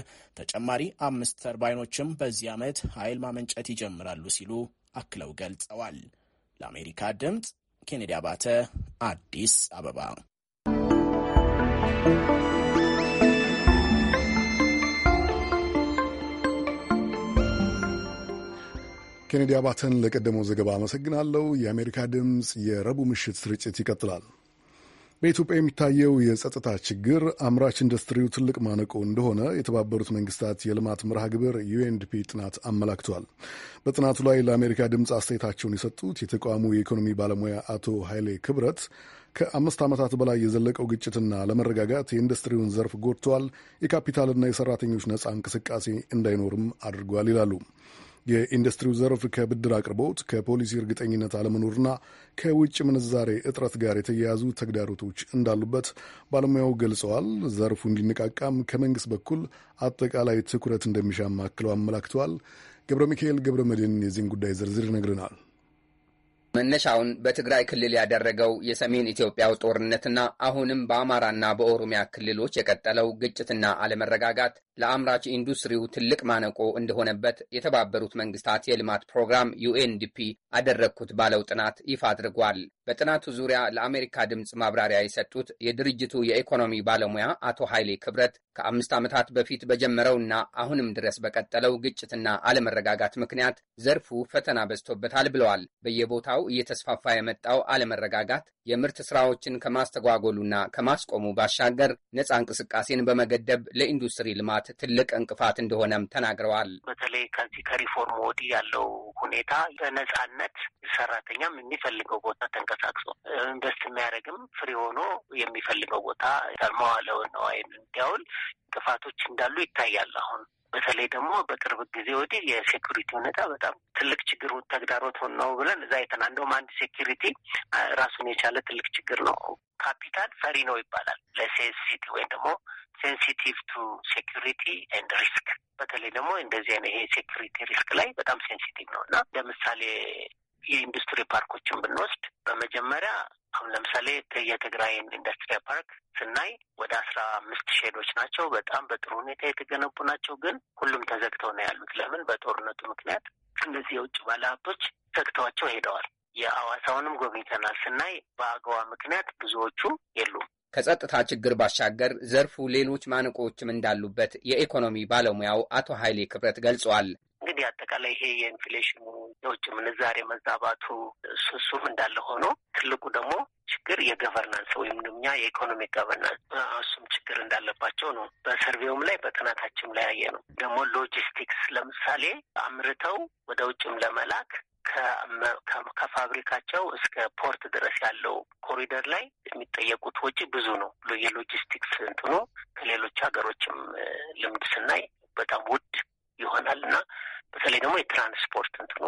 ተጨማሪ አምስት ተርባይኖችም በዚህ ዓመት ኃይል ማመንጨት ይጀምራሉ ሲሉ አክለው ገልጸዋል። ለአሜሪካ ድምፅ ኬኔዲ አባተ አዲስ አበባ ኬኔዲ አባተን ለቀደመው ዘገባ አመሰግናለሁ። የአሜሪካ ድምፅ የረቡዕ ምሽት ስርጭት ይቀጥላል። በኢትዮጵያ የሚታየው የጸጥታ ችግር አምራች ኢንዱስትሪው ትልቅ ማነቆ እንደሆነ የተባበሩት መንግስታት የልማት መርሃ ግብር ዩኤንዲፒ ጥናት አመላክቷል። በጥናቱ ላይ ለአሜሪካ ድምፅ አስተያየታቸውን የሰጡት የተቋሙ የኢኮኖሚ ባለሙያ አቶ ኃይሌ ክብረት ከአምስት ዓመታት በላይ የዘለቀው ግጭትና ለመረጋጋት የኢንዱስትሪውን ዘርፍ ጎድቷል፣ የካፒታልና የሰራተኞች ነፃ እንቅስቃሴ እንዳይኖርም አድርጓል ይላሉ። የኢንዱስትሪው ዘርፍ ከብድር አቅርቦት ከፖሊሲ እርግጠኝነት አለመኖርና ከውጭ ምንዛሬ እጥረት ጋር የተያያዙ ተግዳሮቶች እንዳሉበት ባለሙያው ገልጸዋል። ዘርፉ እንዲነቃቃም ከመንግስት በኩል አጠቃላይ ትኩረት እንደሚሻማ አክለው አመላክተዋል። ገብረ ሚካኤል ገብረ መድህን የዚህን ጉዳይ ዝርዝር ይነግረናል። መነሻውን በትግራይ ክልል ያደረገው የሰሜን ኢትዮጵያው ጦርነትና አሁንም በአማራና በኦሮሚያ ክልሎች የቀጠለው ግጭትና አለመረጋጋት ለአምራች ኢንዱስትሪው ትልቅ ማነቆ እንደሆነበት የተባበሩት መንግስታት የልማት ፕሮግራም ዩኤንዲፒ አደረግኩት ባለው ጥናት ይፋ አድርጓል። በጥናቱ ዙሪያ ለአሜሪካ ድምፅ ማብራሪያ የሰጡት የድርጅቱ የኢኮኖሚ ባለሙያ አቶ ኃይሌ ክብረት ከአምስት ዓመታት በፊት በጀመረውና አሁንም ድረስ በቀጠለው ግጭትና አለመረጋጋት ምክንያት ዘርፉ ፈተና በዝቶበታል ብለዋል። በየቦታው እየተስፋፋ የመጣው አለመረጋጋት የምርት ስራዎችን ከማስተጓጎሉና ከማስቆሙ ባሻገር ነፃ እንቅስቃሴን በመገደብ ለኢንዱስትሪ ልማት ትልቅ እንቅፋት እንደሆነም ተናግረዋል። በተለይ ከዚህ ከሪፎርም ወዲህ ያለው ሁኔታ በነፃነት ሰራተኛም የሚፈልገው ቦታ ተንቀ ተንቀሳቅሶ ኢንቨስት የሚያደርግም ፍሪ ሆኖ የሚፈልገው ቦታ መዋዕለ ንዋይን እንዲያውል ጥፋቶች እንዳሉ ይታያል አሁን በተለይ ደግሞ በቅርብ ጊዜ ወዲህ የሴኩሪቲ ሁኔታ በጣም ትልቅ ችግር ተግዳሮት ሆን ነው ብለን እዛ አይተናል። እንደውም አንድ ሴኩሪቲ ራሱን የቻለ ትልቅ ችግር ነው። ካፒታል ፈሪ ነው ይባላል። ለሴንሲቲ ወይም ደግሞ ሴንሲቲቭ ቱ ሴኩሪቲ ኤንድ ሪስክ፣ በተለይ ደግሞ እንደዚህ አይነት ይሄ ሴኩሪቲ ሪስክ ላይ በጣም ሴንሲቲቭ ነው እና ለምሳሌ የኢንዱስትሪ ፓርኮችን ብንወስድ በመጀመሪያ አሁን ለምሳሌ የትግራይን ኢንዱስትሪ ፓርክ ስናይ ወደ አስራ አምስት ሼዶች ናቸው። በጣም በጥሩ ሁኔታ የተገነቡ ናቸው። ግን ሁሉም ተዘግተው ነው ያሉት። ለምን? በጦርነቱ ምክንያት እነዚህ የውጭ ባለሀብቶች ዘግተዋቸው ሄደዋል። የአዋሳውንም ጎብኝተናል። ስናይ በአገዋ ምክንያት ብዙዎቹ የሉም። ከጸጥታ ችግር ባሻገር ዘርፉ ሌሎች ማነቆዎችም እንዳሉበት የኢኮኖሚ ባለሙያው አቶ ኃይሌ ክብረት ገልጸዋል። እንግዲህ አጠቃላይ ይሄ የኢንፍሌሽኑ የውጭ ምንዛሬ መዛባቱ እሱ እሱም እንዳለ ሆኖ ትልቁ ደግሞ ችግር የገቨርናንስ ወይም እኛ የኢኮኖሚ ገቨርናንስ እሱም ችግር እንዳለባቸው ነው። በሰርቬውም ላይ በጥናታችም ላይ ያየ ነው። ደግሞ ሎጂስቲክስ ለምሳሌ አምርተው ወደ ውጭም ለመላክ ከፋብሪካቸው እስከ ፖርት ድረስ ያለው ኮሪደር ላይ የሚጠየቁት ወጪ ብዙ ነው ብሎ የሎጂስቲክስ እንትኑ ከሌሎች ሀገሮችም ልምድ ስናይ በጣም ውድ ይሆናል እና በተለይ ደግሞ የትራንስፖርት እንትኑ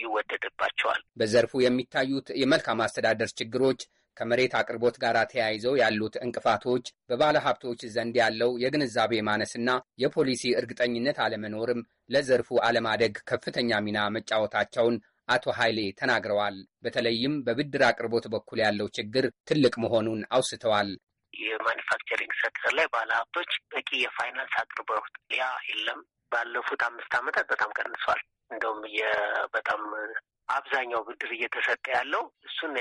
ይወደድባቸዋል። በዘርፉ የሚታዩት የመልካም አስተዳደር ችግሮች ከመሬት አቅርቦት ጋር ተያይዘው ያሉት እንቅፋቶች፣ በባለ ሀብቶች ዘንድ ያለው የግንዛቤ ማነስና የፖሊሲ እርግጠኝነት አለመኖርም ለዘርፉ አለማደግ ከፍተኛ ሚና መጫወታቸውን አቶ ኃይሌ ተናግረዋል። በተለይም በብድር አቅርቦት በኩል ያለው ችግር ትልቅ መሆኑን አውስተዋል። የማኒፋክቸሪንግ ሴክተር ላይ ባለ ሀብቶች በቂ የፋይናንስ አቅርቦት ያ የለም። ባለፉት አምስት ዓመታት በጣም ቀንሷል። እንደውም በጣም አብዛኛው ብድር እየተሰጠ ያለው እሱን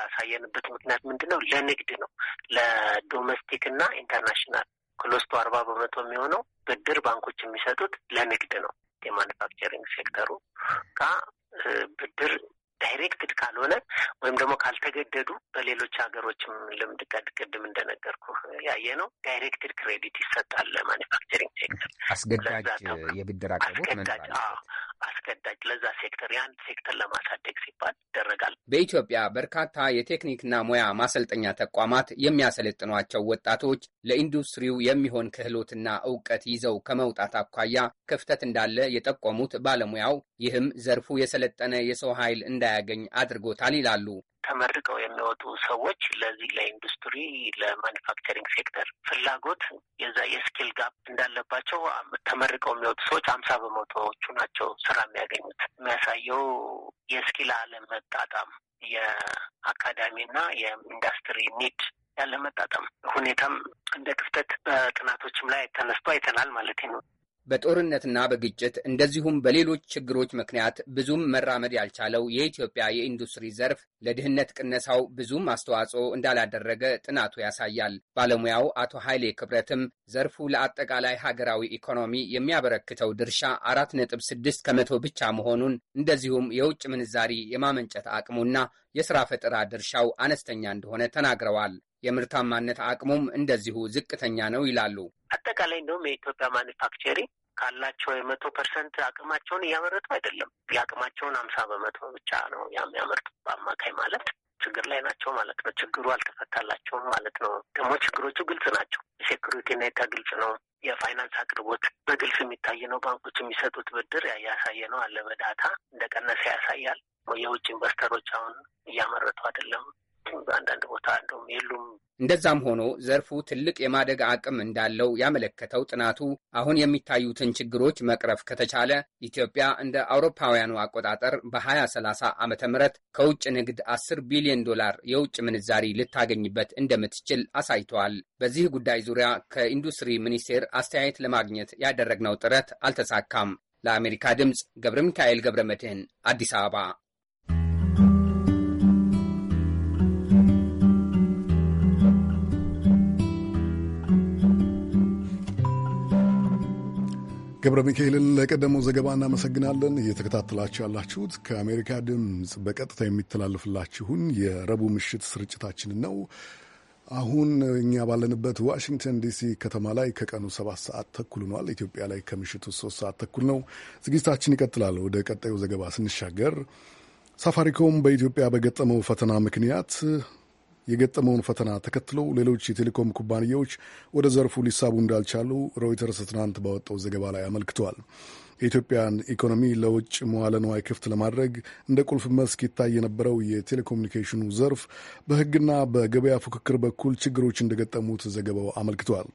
ያሳየንበት ምክንያት ምንድን ነው? ለንግድ ነው። ለዶሜስቲክ እና ኢንተርናሽናል ክሎስቱ አርባ በመቶ የሚሆነው ብድር ባንኮች የሚሰጡት ለንግድ ነው። የማኒፋክቸሪንግ ሴክተሩ ጋ ብድር ዳይሬክትድ ካልሆነ ወይም ደግሞ ካልተገደዱ በሌሎች ሀገሮችም ልምድ ቅድም እንደነገርኩ ያየ ነው። ዳይሬክትድ ክሬዲት ይሰጣል ለማኒፋክቸሪንግ ሴክተር አስገዳጅ የብድር አቅርቦት አስገዳጅ ለዛ ሴክተር የአንድ ሴክተር ለማሳደግ ሲባል ይደረጋል። በኢትዮጵያ በርካታ የቴክኒክና ሙያ ማሰልጠኛ ተቋማት የሚያሰለጥኗቸው ወጣቶች ለኢንዱስትሪው የሚሆን ክህሎትና እውቀት ይዘው ከመውጣት አኳያ ክፍተት እንዳለ የጠቆሙት ባለሙያው፣ ይህም ዘርፉ የሰለጠነ የሰው ኃይል እንዳያገኝ አድርጎታል ይላሉ። ተመርቀው የሚወጡ ሰዎች ለዚህ ለኢንዱስትሪ ለማኒፋክቸሪንግ ሴክተር ፍላጎት የዛ የስኪል ጋፕ እንዳለባቸው ተመርቀው የሚወጡ ሰዎች አምሳ በመቶዎቹ ናቸው ስራ የሚያገኙት። የሚያሳየው የስኪል አለመጣጣም የአካዳሚና የኢንዱስትሪ ኒድ ያለመጣጣም ሁኔታም እንደ ክፍተት በጥናቶችም ላይ ተነስቶ አይተናል ማለት ነው። በጦርነትና በግጭት እንደዚሁም በሌሎች ችግሮች ምክንያት ብዙም መራመድ ያልቻለው የኢትዮጵያ የኢንዱስትሪ ዘርፍ ለድህነት ቅነሳው ብዙም አስተዋጽኦ እንዳላደረገ ጥናቱ ያሳያል። ባለሙያው አቶ ኃይሌ ክብረትም ዘርፉ ለአጠቃላይ ሀገራዊ ኢኮኖሚ የሚያበረክተው ድርሻ አራት ነጥብ ስድስት ከመቶ ብቻ መሆኑን እንደዚሁም የውጭ ምንዛሪ የማመንጨት አቅሙና የሥራ ፈጠራ ድርሻው አነስተኛ እንደሆነ ተናግረዋል። የምርታማነት አቅሙም እንደዚሁ ዝቅተኛ ነው ይላሉ። አጠቃላይ እንደውም የኢትዮጵያ ማኒፋክቸሪንግ ካላቸው የመቶ ፐርሰንት አቅማቸውን እያመረቱ አይደለም። የአቅማቸውን አምሳ በመቶ ብቻ ነው የሚያመርቱ በአማካይ ማለት ችግር ላይ ናቸው ማለት ነው። ችግሩ አልተፈታላቸውም ማለት ነው። ደግሞ ችግሮቹ ግልጽ ናቸው። የሴኩሪቲ ኔታ ግልጽ ነው። የፋይናንስ አቅርቦት በግልጽ የሚታይ ነው። ባንኮች የሚሰጡት ብድር ያሳየ ነው አለ በዳታ እንደቀነሰ ያሳያል። የውጭ ኢንቨስተሮች አሁን እያመረቱ አይደለም። በአንዳንድ ቦታ እንደውም የሉም። እንደዛም ሆኖ ዘርፉ ትልቅ የማደግ አቅም እንዳለው ያመለከተው ጥናቱ አሁን የሚታዩትን ችግሮች መቅረፍ ከተቻለ ኢትዮጵያ እንደ አውሮፓውያኑ አቆጣጠር በ2030 ዓመተ ምህረት ከውጭ ንግድ 10 ቢሊዮን ዶላር የውጭ ምንዛሪ ልታገኝበት እንደምትችል አሳይተዋል። በዚህ ጉዳይ ዙሪያ ከኢንዱስትሪ ሚኒስቴር አስተያየት ለማግኘት ያደረግነው ጥረት አልተሳካም። ለአሜሪካ ድምፅ ገብረ ሚካኤል ገብረ መድህን አዲስ አበባ ገብረ ሚካኤልን ለቀደመው ዘገባ እናመሰግናለን። እየተከታተላችሁ ያላችሁት ከአሜሪካ ድምፅ በቀጥታ የሚተላለፍላችሁን የረቡዕ ምሽት ስርጭታችንን ነው። አሁን እኛ ባለንበት ዋሽንግተን ዲሲ ከተማ ላይ ከቀኑ ሰባት ሰዓት ተኩል ሆኗል። ኢትዮጵያ ላይ ከምሽቱ ሶስት ሰዓት ተኩል ነው። ዝግጅታችን ይቀጥላል። ወደ ቀጣዩ ዘገባ ስንሻገር ሳፋሪኮም በኢትዮጵያ በገጠመው ፈተና ምክንያት የገጠመውን ፈተና ተከትሎ ሌሎች የቴሌኮም ኩባንያዎች ወደ ዘርፉ ሊሳቡ እንዳልቻሉ ሮይተርስ ትናንት ባወጣው ዘገባ ላይ አመልክተዋል። የኢትዮጵያን ኢኮኖሚ ለውጭ መዋለ ንዋይ ክፍት ለማድረግ እንደ ቁልፍ መስክ ይታይ የነበረው የቴሌኮሙኒኬሽኑ ዘርፍ በሕግና በገበያ ፉክክር በኩል ችግሮች እንደገጠሙት ዘገባው አመልክቷል።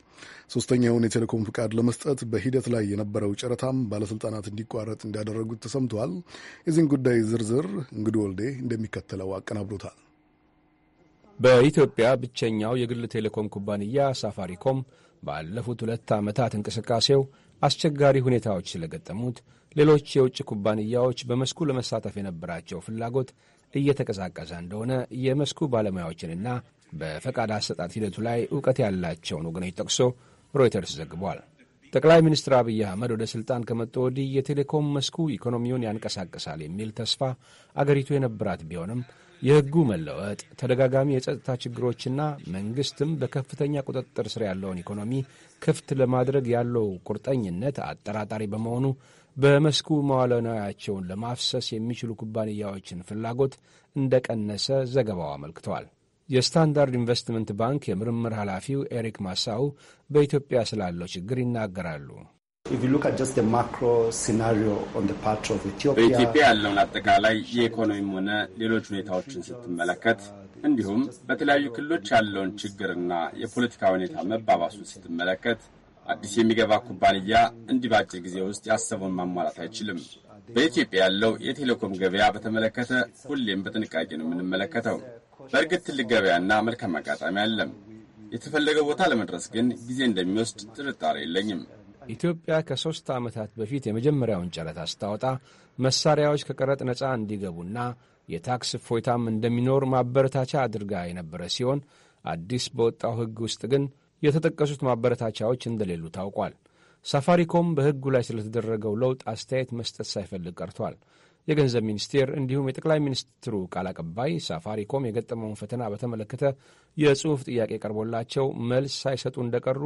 ሶስተኛውን የቴሌኮም ፍቃድ ለመስጠት በሂደት ላይ የነበረው ጨረታም ባለስልጣናት እንዲቋረጥ እንዳደረጉት ተሰምተዋል። የዚህን ጉዳይ ዝርዝር እንግዱ ወልዴ እንደሚከተለው አቀናብሮታል። በኢትዮጵያ ብቸኛው የግል ቴሌኮም ኩባንያ ሳፋሪኮም ባለፉት ሁለት ዓመታት እንቅስቃሴው አስቸጋሪ ሁኔታዎች ስለገጠሙት ሌሎች የውጭ ኩባንያዎች በመስኩ ለመሳተፍ የነበራቸው ፍላጎት እየተቀዛቀዘ እንደሆነ የመስኩ ባለሙያዎችንና በፈቃድ አሰጣጥ ሂደቱ ላይ እውቀት ያላቸውን ወገኖች ጠቅሶ ሮይተርስ ዘግቧል። ጠቅላይ ሚኒስትር አብይ አህመድ ወደ ሥልጣን ከመጡ ወዲህ የቴሌኮም መስኩ ኢኮኖሚውን ያንቀሳቅሳል የሚል ተስፋ አገሪቱ የነበራት ቢሆንም የሕጉ መለወጥ ተደጋጋሚ የጸጥታ ችግሮችና መንግሥትም በከፍተኛ ቁጥጥር ስር ያለውን ኢኮኖሚ ክፍት ለማድረግ ያለው ቁርጠኝነት አጠራጣሪ በመሆኑ በመስኩ መዋለ ንዋያቸውን ለማፍሰስ የሚችሉ ኩባንያዎችን ፍላጎት እንደቀነሰ ዘገባው አመልክተዋል። የስታንዳርድ ኢንቨስትመንት ባንክ የምርምር ኃላፊው ኤሪክ ማሳው በኢትዮጵያ ስላለው ችግር ይናገራሉ። በኢትዮጵያ ያለውን አጠቃላይ የኢኮኖሚም ሆነ ሌሎች ሁኔታዎችን ስትመለከት እንዲሁም በተለያዩ ክልሎች ያለውን ችግርና የፖለቲካ ሁኔታ መባባሱን ስትመለከት አዲስ የሚገባ ኩባንያ እንዲህ በአጭር ጊዜ ውስጥ ያሰበውን ማሟላት አይችልም። በኢትዮጵያ ያለው የቴሌኮም ገበያ በተመለከተ ሁሌም በጥንቃቄ ነው የምንመለከተው። በእርግጥ ትልቅ ገበያና መልካም አጋጣሚ አለም። የተፈለገው ቦታ ለመድረስ ግን ጊዜ እንደሚወስድ ጥርጣሬ የለኝም። ኢትዮጵያ ከሦስት ዓመታት በፊት የመጀመሪያውን ጨረታ ስታወጣ መሳሪያዎች ከቀረጥ ነፃ እንዲገቡና የታክስ እፎይታም እንደሚኖር ማበረታቻ አድርጋ የነበረ ሲሆን አዲስ በወጣው ሕግ ውስጥ ግን የተጠቀሱት ማበረታቻዎች እንደሌሉ ታውቋል። ሳፋሪኮም በሕጉ ላይ ስለተደረገው ለውጥ አስተያየት መስጠት ሳይፈልግ ቀርቷል። የገንዘብ ሚኒስቴር እንዲሁም የጠቅላይ ሚኒስትሩ ቃል አቀባይ ሳፋሪኮም የገጠመውን ፈተና በተመለከተ የጽሑፍ ጥያቄ ቀርቦላቸው መልስ ሳይሰጡ እንደቀሩ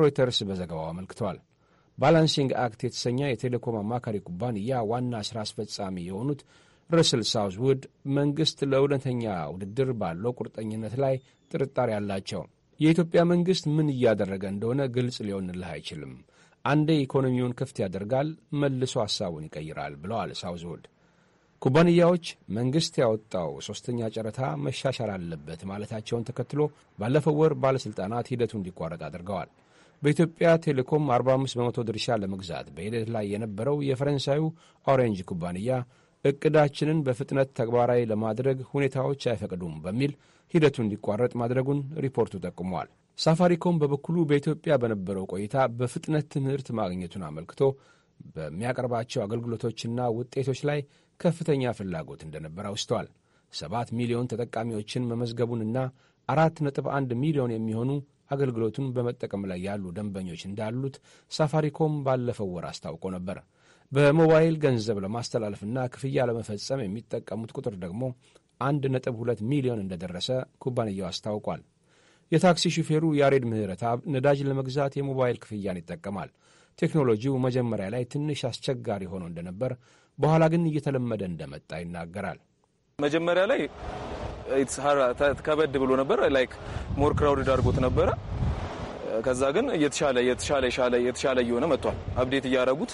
ሮይተርስ በዘገባው አመልክቷል። ባላንሲንግ አክት የተሰኘ የቴሌኮም አማካሪ ኩባንያ ዋና ሥራ አስፈጻሚ የሆኑት ርስል ሳውዝውድ መንግሥት ለእውነተኛ ውድድር ባለው ቁርጠኝነት ላይ ጥርጣሬ አላቸው። የኢትዮጵያ መንግሥት ምን እያደረገ እንደሆነ ግልጽ ሊሆንልህ አይችልም። አንዴ ኢኮኖሚውን ክፍት ያደርጋል፣ መልሶ ሐሳቡን ይቀይራል ብለዋል ሳውዝውድ። ኩባንያዎች መንግሥት ያወጣው ሦስተኛ ጨረታ መሻሻል አለበት ማለታቸውን ተከትሎ ባለፈው ወር ባለሥልጣናት ሂደቱ እንዲቋረጥ አድርገዋል። በኢትዮጵያ ቴሌኮም 45 በመቶ ድርሻ ለመግዛት በሂደት ላይ የነበረው የፈረንሳዩ ኦሬንጅ ኩባንያ እቅዳችንን በፍጥነት ተግባራዊ ለማድረግ ሁኔታዎች አይፈቅዱም በሚል ሂደቱ እንዲቋረጥ ማድረጉን ሪፖርቱ ጠቁሟል። ሳፋሪኮም በበኩሉ በኢትዮጵያ በነበረው ቆይታ በፍጥነት ትምህርት ማግኘቱን አመልክቶ በሚያቀርባቸው አገልግሎቶችና ውጤቶች ላይ ከፍተኛ ፍላጎት እንደነበር አውስተዋል። ሰባት ሚሊዮን ተጠቃሚዎችን መመዝገቡንና አራት ነጥብ አንድ ሚሊዮን የሚሆኑ አገልግሎቱን በመጠቀም ላይ ያሉ ደንበኞች እንዳሉት ሳፋሪኮም ባለፈው ወር አስታውቆ ነበር። በሞባይል ገንዘብ ለማስተላለፍና ክፍያ ለመፈጸም የሚጠቀሙት ቁጥር ደግሞ 1.2 ሚሊዮን እንደደረሰ ኩባንያው አስታውቋል። የታክሲ ሹፌሩ ያሬድ ምህረታብ ነዳጅ ለመግዛት የሞባይል ክፍያን ይጠቀማል። ቴክኖሎጂው መጀመሪያ ላይ ትንሽ አስቸጋሪ ሆኖ እንደነበር፣ በኋላ ግን እየተለመደ እንደመጣ ይናገራል። መጀመሪያ ላይ Uh, ከበድ ብሎ ነበር። ላይክ ሞር ክራውድድ አድርጎት ነበረ። ከዛ ግን እየተሻለ እየተሻለ የተሻለ እየሆነ መጥቷል። አፕዴት እያደረጉት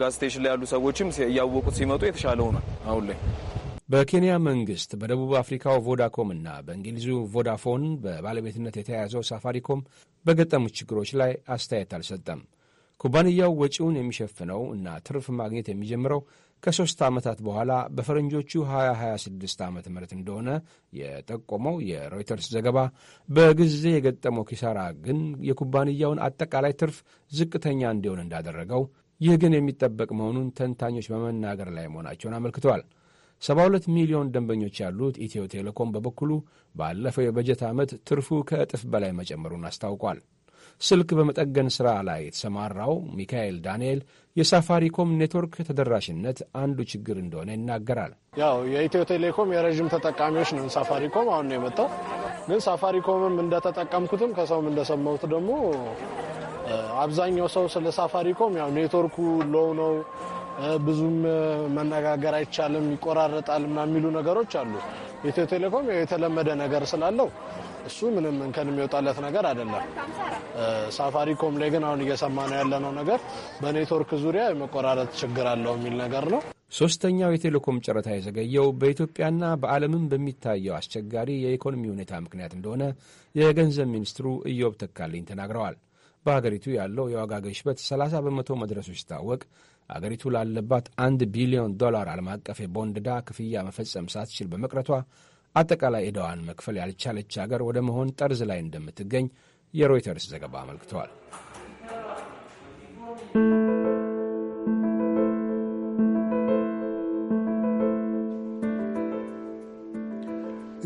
ጋዝ uh, ስቴሽን ላይ ያሉ ሰዎችም እያወቁት ሲመጡ የተሻለ ሆኗል አሁን ላይ። በኬንያ መንግስት በደቡብ አፍሪካው ቮዳኮም እና በእንግሊዙ ቮዳፎን በባለቤትነት የተያያዘው ሳፋሪኮም በገጠሙት ችግሮች ላይ አስተያየት አልሰጠም። ኩባንያው ወጪውን የሚሸፍነው እና ትርፍ ማግኘት የሚጀምረው ከሦስት ዓመታት በኋላ በፈረንጆቹ 2026 ዓ ም እንደሆነ የጠቆመው የሮይተርስ ዘገባ በጊዜ የገጠመው ኪሳራ ግን የኩባንያውን አጠቃላይ ትርፍ ዝቅተኛ እንዲሆን እንዳደረገው፣ ይህ ግን የሚጠበቅ መሆኑን ተንታኞች በመናገር ላይ መሆናቸውን አመልክተዋል። 72 ሚሊዮን ደንበኞች ያሉት ኢትዮ ቴሌኮም በበኩሉ ባለፈው የበጀት ዓመት ትርፉ ከእጥፍ በላይ መጨመሩን አስታውቋል። ስልክ በመጠገን ሥራ ላይ የተሰማራው ሚካኤል ዳንኤል የሳፋሪኮም ኔትወርክ ተደራሽነት አንዱ ችግር እንደሆነ ይናገራል። ያው የኢትዮ ቴሌኮም የረዥም ተጠቃሚዎች ነን። ሳፋሪኮም አሁን ነው የመጣው። ግን ሳፋሪኮምም እንደተጠቀምኩትም ከሰውም እንደሰማሁት ደግሞ አብዛኛው ሰው ስለ ሳፋሪኮም ያው ኔትወርኩ ሎው ነው፣ ብዙም መነጋገር አይቻልም፣ ይቆራረጣል ምናምን የሚሉ ነገሮች አሉ። ኢትዮ ቴሌኮም የተለመደ ነገር ስላለው እሱ ምንም እንከን የሚወጣለት ነገር አይደለም። ሳፋሪኮም ላይ ግን አሁን እየሰማነው ያለነው ነገር በኔትወርክ ዙሪያ የመቆራረጥ ችግር አለው የሚል ነገር ነው። ሶስተኛው የቴሌኮም ጨረታ የዘገየው በኢትዮጵያና በዓለምም በሚታየው አስቸጋሪ የኢኮኖሚ ሁኔታ ምክንያት እንደሆነ የገንዘብ ሚኒስትሩ ኢዮብ ተካልኝ ተናግረዋል። በሀገሪቱ ያለው የዋጋ ግሽበት 30 በመቶ መድረሱ ሲታወቅ አገሪቱ ላለባት አንድ ቢሊዮን ዶላር ዓለም አቀፍ የቦንድ ዕዳ ክፍያ መፈጸም ሳትችል በመቅረቷ አጠቃላይ ዕዳዋን መክፈል ያልቻለች አገር ወደ መሆን ጠርዝ ላይ እንደምትገኝ የሮይተርስ ዘገባ አመልክተዋል።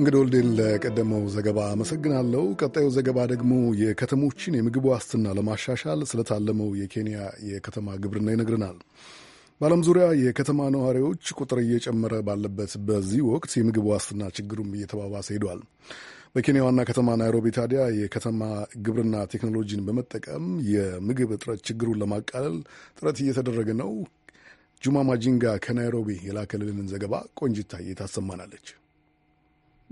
እንግዲህ ወልዴን ለቀደመው ዘገባ አመሰግናለሁ። ቀጣዩ ዘገባ ደግሞ የከተሞችን የምግብ ዋስትና ለማሻሻል ስለታለመው የኬንያ የከተማ ግብርና ይነግረናል። በዓለም ዙሪያ የከተማ ነዋሪዎች ቁጥር እየጨመረ ባለበት በዚህ ወቅት የምግብ ዋስትና ችግሩም እየተባባሰ ሄዷል። በኬንያ ዋና ከተማ ናይሮቢ ታዲያ የከተማ ግብርና ቴክኖሎጂን በመጠቀም የምግብ እጥረት ችግሩን ለማቃለል ጥረት እየተደረገ ነው። ጁማ ማጂንጋ ከናይሮቢ የላከልንን ዘገባ ቆንጅታዬ ታሰማናለች።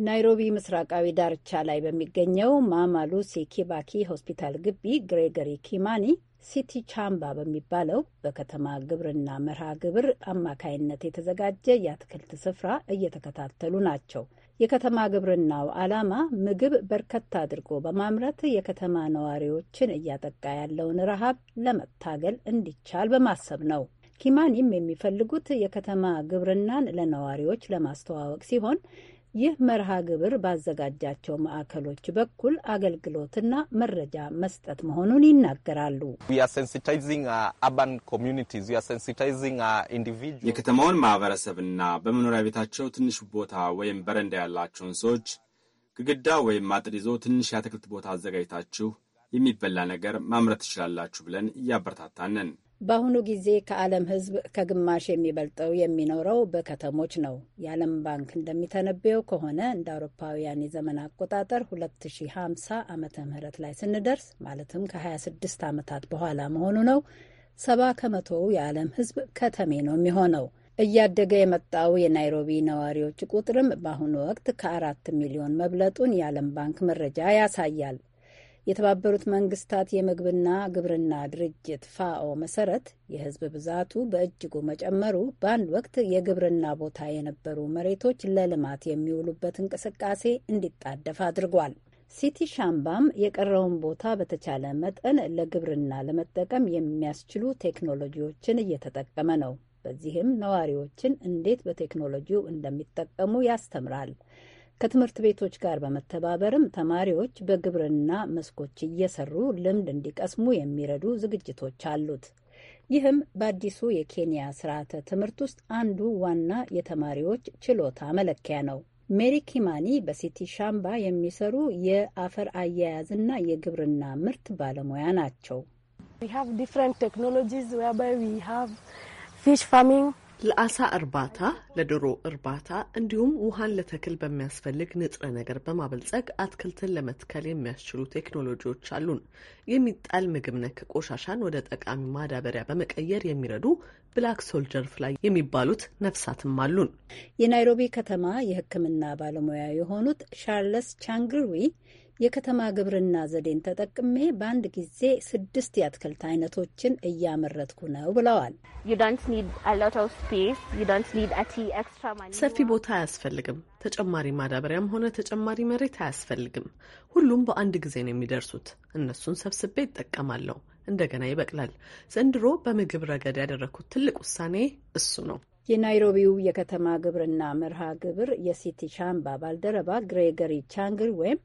ናይሮቢ ምስራቃዊ ዳርቻ ላይ በሚገኘው ማማሉሲ ኪባኪ ሆስፒታል ግቢ ግሬገሪ ኪማኒ ሲቲ ቻምባ በሚባለው በከተማ ግብርና መርሃ ግብር አማካይነት የተዘጋጀ የአትክልት ስፍራ እየተከታተሉ ናቸው። የከተማ ግብርናው ዓላማ ምግብ በርከት አድርጎ በማምረት የከተማ ነዋሪዎችን እያጠቃ ያለውን ረሃብ ለመታገል እንዲቻል በማሰብ ነው። ኪማኒም የሚፈልጉት የከተማ ግብርናን ለነዋሪዎች ለማስተዋወቅ ሲሆን ይህ መርሃ ግብር ባዘጋጃቸው ማዕከሎች በኩል አገልግሎትና መረጃ መስጠት መሆኑን ይናገራሉ። uh, uh, የከተማውን ማህበረሰብና በመኖሪያ ቤታቸው ትንሽ ቦታ ወይም በረንዳ ያላቸውን ሰዎች ግድግዳ ወይም አጥር ይዞ ትንሽ የአትክልት ቦታ አዘጋጅታችሁ የሚበላ ነገር ማምረት ትችላላችሁ ብለን እያበረታታን በአሁኑ ጊዜ ከዓለም ሕዝብ ከግማሽ የሚበልጠው የሚኖረው በከተሞች ነው። የዓለም ባንክ እንደሚተነበየው ከሆነ እንደ አውሮፓውያን የዘመን አቆጣጠር 2050 ዓመተ ምህረት ላይ ስንደርስ ማለትም ከ26 ዓመታት በኋላ መሆኑ ነው። ሰባ ከመቶው የዓለም ሕዝብ ከተሜ ነው የሚሆነው። እያደገ የመጣው የናይሮቢ ነዋሪዎች ቁጥርም በአሁኑ ወቅት ከአራት ሚሊዮን መብለጡን የዓለም ባንክ መረጃ ያሳያል። የተባበሩት መንግስታት የምግብና ግብርና ድርጅት ፋኦ መሰረት የህዝብ ብዛቱ በእጅጉ መጨመሩ በአንድ ወቅት የግብርና ቦታ የነበሩ መሬቶች ለልማት የሚውሉበት እንቅስቃሴ እንዲጣደፍ አድርጓል። ሲቲ ሻምባም የቀረውን ቦታ በተቻለ መጠን ለግብርና ለመጠቀም የሚያስችሉ ቴክኖሎጂዎችን እየተጠቀመ ነው። በዚህም ነዋሪዎችን እንዴት በቴክኖሎጂው እንደሚጠቀሙ ያስተምራል። ከትምህርት ቤቶች ጋር በመተባበርም ተማሪዎች በግብርና መስኮች እየሰሩ ልምድ እንዲቀስሙ የሚረዱ ዝግጅቶች አሉት። ይህም በአዲሱ የኬንያ ስርዓተ ትምህርት ውስጥ አንዱ ዋና የተማሪዎች ችሎታ መለኪያ ነው። ሜሪ ኪማኒ በሲቲ ሻምባ የሚሰሩ የአፈር አያያዝና የግብርና ምርት ባለሙያ ናቸው። ፊሽ ፋርሚንግ ለአሳ እርባታ፣ ለዶሮ እርባታ እንዲሁም ውሃን ለተክል በሚያስፈልግ ንጥረ ነገር በማበልጸግ አትክልትን ለመትከል የሚያስችሉ ቴክኖሎጂዎች አሉን። የሚጣል ምግብ ነክ ቆሻሻን ወደ ጠቃሚ ማዳበሪያ በመቀየር የሚረዱ ብላክ ሶልጀር ፍላይ የሚባሉት ነፍሳትም አሉን። የናይሮቢ ከተማ የሕክምና ባለሙያ የሆኑት ሻርለስ ቻንግርዊ የከተማ ግብርና ዘዴን ተጠቅሜ በአንድ ጊዜ ስድስት የአትክልት አይነቶችን እያመረትኩ ነው ብለዋል። ሰፊ ቦታ አያስፈልግም። ተጨማሪ ማዳበሪያም ሆነ ተጨማሪ መሬት አያስፈልግም። ሁሉም በአንድ ጊዜ ነው የሚደርሱት። እነሱን ሰብስቤ ይጠቀማለሁ። እንደገና ይበቅላል። ዘንድሮ በምግብ ረገድ ያደረግኩት ትልቅ ውሳኔ እሱ ነው። የናይሮቢው የከተማ ግብርና መርሃ ግብር የሲቲ ሻምባ ባልደረባ ግሬገሪ ቻንግር ወይም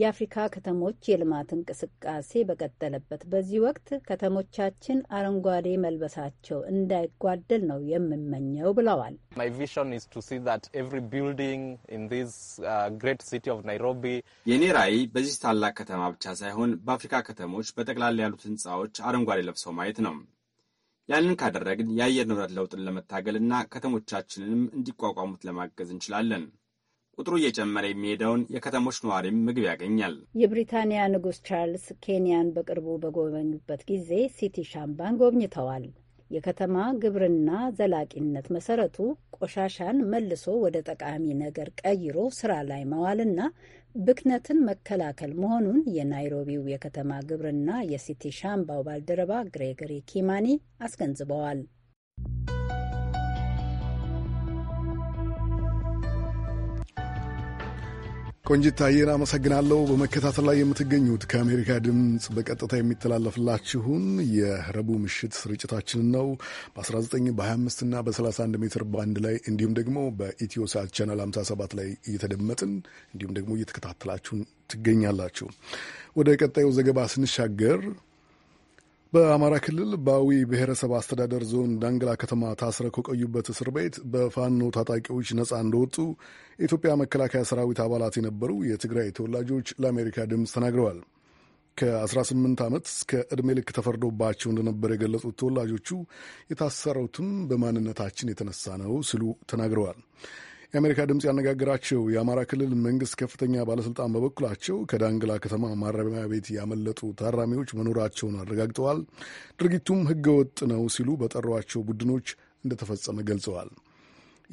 የአፍሪካ ከተሞች የልማት እንቅስቃሴ በቀጠለበት በዚህ ወቅት ከተሞቻችን አረንጓዴ መልበሳቸው እንዳይጓደል ነው የምመኘው ብለዋል። uh, የእኔ ራዕይ በዚህ ታላቅ ከተማ ብቻ ሳይሆን በአፍሪካ ከተሞች በጠቅላላ ያሉት ህንፃዎች አረንጓዴ ለብሰው ማየት ነው። ያንን ካደረግን የአየር ንብረት ለውጥን ለመታገል እና ከተሞቻችንንም እንዲቋቋሙት ለማገዝ እንችላለን። ቁጥሩ እየጨመረ የሚሄደውን የከተሞች ነዋሪም ምግብ ያገኛል። የብሪታንያ ንጉሥ ቻርልስ ኬንያን በቅርቡ በጎበኙበት ጊዜ ሲቲ ሻምባን ጎብኝተዋል። የከተማ ግብርና ዘላቂነት መሰረቱ ቆሻሻን መልሶ ወደ ጠቃሚ ነገር ቀይሮ ስራ ላይ መዋልና ብክነትን መከላከል መሆኑን የናይሮቢው የከተማ ግብርና የሲቲ ሻምባው ባልደረባ ግሬገሪ ኪማኒ አስገንዝበዋል። ቆንጂት ታዬን አመሰግናለሁ። በመከታተል ላይ የምትገኙት ከአሜሪካ ድምፅ በቀጥታ የሚተላለፍላችሁን የረቡዕ ምሽት ስርጭታችንን ነው። በ19 በ25 እና በ31 ሜትር ባንድ ላይ እንዲሁም ደግሞ በኢትዮ ሳት ቻናል 57 ላይ እየተደመጥን እንዲሁም ደግሞ እየተከታተላችሁን ትገኛላችሁ። ወደ ቀጣዩ ዘገባ ስንሻገር በአማራ ክልል በአዊ ብሔረሰብ አስተዳደር ዞን ዳንግላ ከተማ ታስረው ከቆዩበት እስር ቤት በፋኖ ታጣቂዎች ነፃ እንደወጡ የኢትዮጵያ መከላከያ ሰራዊት አባላት የነበሩ የትግራይ ተወላጆች ለአሜሪካ ድምፅ ተናግረዋል። ከ18 ዓመት እስከ ዕድሜ ልክ ተፈርዶባቸው እንደነበር የገለጹት ተወላጆቹ የታሰሩትም በማንነታችን የተነሳ ነው ሲሉ ተናግረዋል። የአሜሪካ ድምፅ ያነጋገራቸው የአማራ ክልል መንግስት ከፍተኛ ባለስልጣን በበኩላቸው ከዳንግላ ከተማ ማረሚያ ቤት ያመለጡ ታራሚዎች መኖራቸውን አረጋግጠዋል። ድርጊቱም ህገወጥ ነው ሲሉ በጠሯቸው ቡድኖች እንደተፈጸመ ገልጸዋል።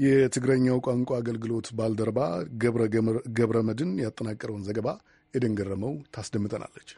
የትግረኛው ቋንቋ አገልግሎት ባልደረባ ገብረ መድን ያጠናቀረውን ዘገባ የደንገረመው ታስደምጠናለች።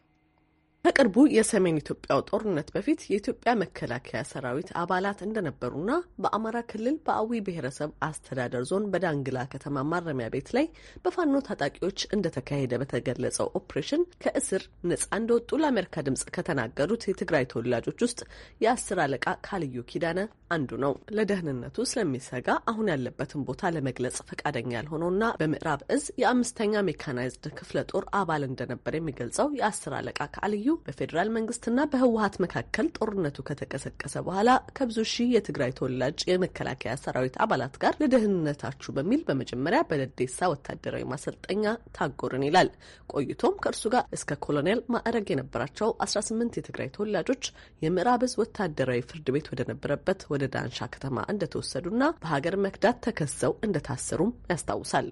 ከቅርቡ የሰሜን ኢትዮጵያው ጦርነት በፊት የኢትዮጵያ መከላከያ ሰራዊት አባላት እንደነበሩና በአማራ ክልል በአዊ ብሔረሰብ አስተዳደር ዞን በዳንግላ ከተማ ማረሚያ ቤት ላይ በፋኖ ታጣቂዎች እንደተካሄደ በተገለጸው ኦፕሬሽን ከእስር ነጻ እንደወጡ ለአሜሪካ ድምጽ ከተናገሩት የትግራይ ተወላጆች ውስጥ የአስር አለቃ ካልዩ ኪዳነ አንዱ ነው። ለደህንነቱ ስለሚሰጋ አሁን ያለበትን ቦታ ለመግለጽ ፈቃደኛ ያልሆነውና በምዕራብ እዝ የአምስተኛ ሜካናይዝድ ክፍለ ጦር አባል እንደነበር የሚገልጸው የአስር አለቃ ከአልዩ በፌዴራል መንግስትና በህወሀት መካከል ጦርነቱ ከተቀሰቀሰ በኋላ ከብዙ ሺህ የትግራይ ተወላጅ የመከላከያ ሰራዊት አባላት ጋር ለደህንነታችሁ በሚል በመጀመሪያ በደዴሳ ወታደራዊ ማሰልጠኛ ታጎርን ይላል። ቆይቶም ከእርሱ ጋር እስከ ኮሎኔል ማዕረግ የነበራቸው 18 የትግራይ ተወላጆች የምዕራብ እዝ ወታደራዊ ፍርድ ቤት ወደነበረበት ወደ ዳንሻ ከተማ እንደተወሰዱና በሀገር መክዳት ተከሰው እንደታሰሩም ያስታውሳል።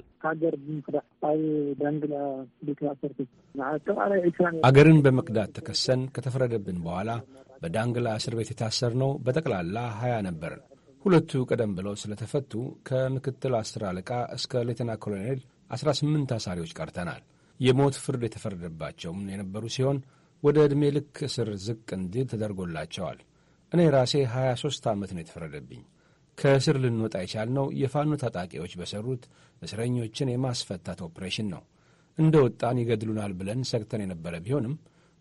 አገርን በመክዳት ተከሰን ከተፈረደብን በኋላ በዳንግላ እስር ቤት የታሰርነው በጠቅላላ ሀያ ነበርን። ሁለቱ ቀደም ብለው ስለተፈቱ ከምክትል አስር አለቃ እስከ ሌተና ኮሎኔል 18 አሳሪዎች ቀርተናል። የሞት ፍርድ የተፈረደባቸውም የነበሩ ሲሆን ወደ ዕድሜ ልክ እስር ዝቅ እንዲል ተደርጎላቸዋል። እኔ ራሴ 23 ዓመት ነው የተፈረደብኝ። ከእስር ልንወጣ የቻልነው የፋኖ ታጣቂዎች በሠሩት እስረኞችን የማስፈታት ኦፕሬሽን ነው። እንደ ወጣን ይገድሉናል ብለን ሰግተን የነበረ ቢሆንም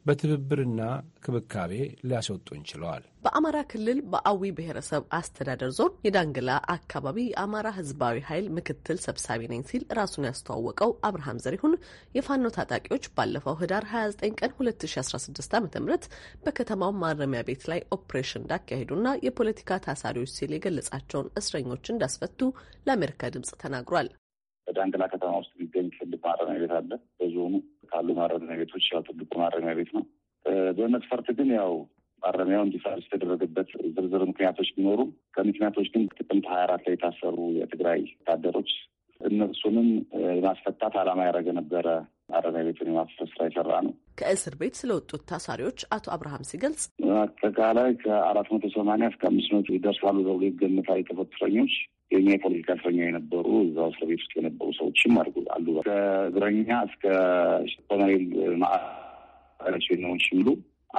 በትብብርና ክብካቤ ሊያስወጡን ችለዋል። በአማራ ክልል በአዊ ብሔረሰብ አስተዳደር ዞን የዳንግላ አካባቢ የአማራ ሕዝባዊ ኃይል ምክትል ሰብሳቢ ነኝ ሲል ራሱን ያስተዋወቀው አብርሃም ዘሪሁን የፋኖ ታጣቂዎች ባለፈው ህዳር 29 ቀን 2016 ዓ ም በከተማው ማረሚያ ቤት ላይ ኦፕሬሽን እንዳካሄዱና የፖለቲካ ታሳሪዎች ሲል የገለጻቸውን እስረኞች እንዳስፈቱ ለአሜሪካ ድምጽ ተናግሯል። በዳንግላ ከተማ ውስጥ የሚገኝ ክልል ማረሚያ ቤት አለ። በዞኑ ካሉ ማረሚያ ቤቶች ያው ትልቁ ማረሚያ ቤት ነው። በመስፈርት ግን ያው ማረሚያው እንዲፈርስ የተደረገበት ዝርዝር ምክንያቶች ቢኖሩም ከምክንያቶች ግን ጥቅምት ሀያ አራት ላይ የታሰሩ የትግራይ ወታደሮች እነሱንም የማስፈታት ዓላማ ያደረገ ነበረ ማረሚያ ቤቱን የማፍረስ ስራ የሰራ ነው። ከእስር ቤት ስለወጡት ታሳሪዎች አቶ አብርሃም ሲገልጽ አጠቃላይ ከአራት መቶ ሰማንያ እስከ አምስት መቶ ይደርሳሉ ተብሎ ይገምታል የተፈቱ እስረኞች የኛ የፖለቲካ እስረኛ የነበሩ እዛው እስር ቤት ውስጥ የነበሩ ሰዎችም አድርጉ አሉ። ከእግረኛ እስከ ኮሎኔል ማዕረጎች የሚሉ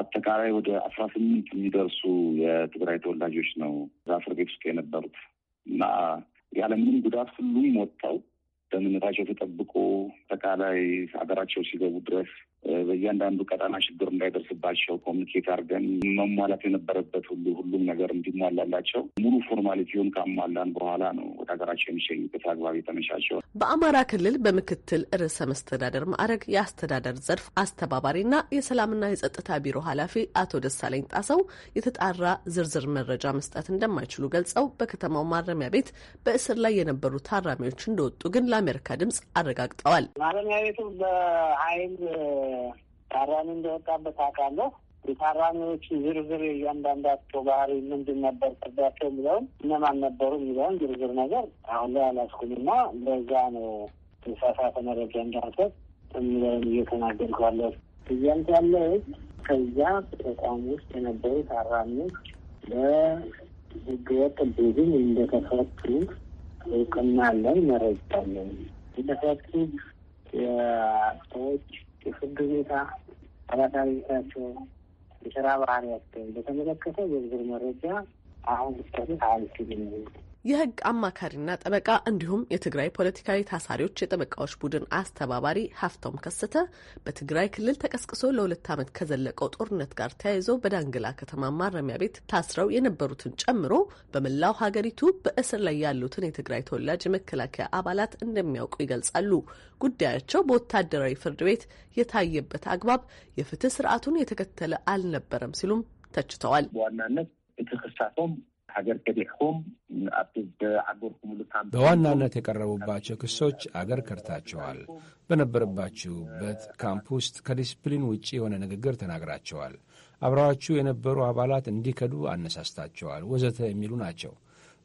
አጠቃላይ ወደ አስራ ስምንት የሚደርሱ የትግራይ ተወላጆች ነው እዛ እስር ቤት ውስጥ የነበሩት እና ያለምንም ጉዳት ሁሉም ወጥተው ደህንነታቸው ተጠብቆ አጠቃላይ ሀገራቸው ሲገቡ ድረስ በእያንዳንዱ ቀጠና ችግር እንዳይደርስባቸው ኮሚኒኬት አድርገን መሟላት የነበረበት ሁሉ ሁሉም ነገር እንዲሟላላቸው ሙሉ ፎርማሊቲውን ካሟላን በኋላ ነው ወደ ሀገራቸው የሚሸኙበት አግባብ የተመቻቸው። በአማራ ክልል በምክትል ርዕሰ መስተዳደር ማዕረግ የአስተዳደር ዘርፍ አስተባባሪና የሰላምና የጸጥታ ቢሮ ኃላፊ አቶ ደሳለኝ ጣሰው የተጣራ ዝርዝር መረጃ መስጠት እንደማይችሉ ገልጸው በከተማው ማረሚያ ቤት በእስር ላይ የነበሩ ታራሚዎች እንደወጡ ግን ለአሜሪካ ድምጽ አረጋግጠዋል። ማረሚያ ቤቱ በሀይል ታራሚ እንደወጣበት አውቃለሁ። የታራሚዎች ዝርዝር እያንዳንዳቸው ባህሪ ምንድን ነበር ፍርዳቸው የሚለውን እነማን ነበሩ የሚለውን ዝርዝር ነገር አሁን ላይ አላስኩም አላስኩምና በዛ ነው የተሳሳተ መረጃ እንዳርሰት የሚለውን እየተናገርኩ ያለሁት እያልኩ ያለ ከዚያ ተቋም ውስጥ የነበሩ ታራሚዎች ለህገወጥ ቡድን እንደተፈቱ እውቅና አለን፣ መረጃ አለን። የተፈቱ ሰዎች የፍርድ ሁኔታ አባታሪታቸው የስራ ባህሪያቸው በተመለከተ ዝርዝር መረጃ አሁን ስጠት አልችልም። የህግ አማካሪና ጠበቃ እንዲሁም የትግራይ ፖለቲካዊ ታሳሪዎች የጠበቃዎች ቡድን አስተባባሪ ሀፍቶም ከሰተ በትግራይ ክልል ተቀስቅሶ ለሁለት ዓመት ከዘለቀው ጦርነት ጋር ተያይዞ በዳንግላ ከተማ ማረሚያ ቤት ታስረው የነበሩትን ጨምሮ በመላው ሀገሪቱ በእስር ላይ ያሉትን የትግራይ ተወላጅ የመከላከያ አባላት እንደሚያውቁ ይገልጻሉ። ጉዳያቸው በወታደራዊ ፍርድ ቤት የታየበት አግባብ የፍትህ ስርዓቱን የተከተለ አልነበረም ሲሉም ተችተዋል። በዋናነት ሀገር ከዴኩም በዋናነት የቀረቡባቸው ክሶች አገር ከርታቸዋል። በነበረባችሁበት ካምፕ ውስጥ ከዲስፕሊን ውጪ የሆነ ንግግር ተናግራቸዋል፣ አብረዋችሁ የነበሩ አባላት እንዲከዱ አነሳስታቸዋል፣ ወዘተ የሚሉ ናቸው።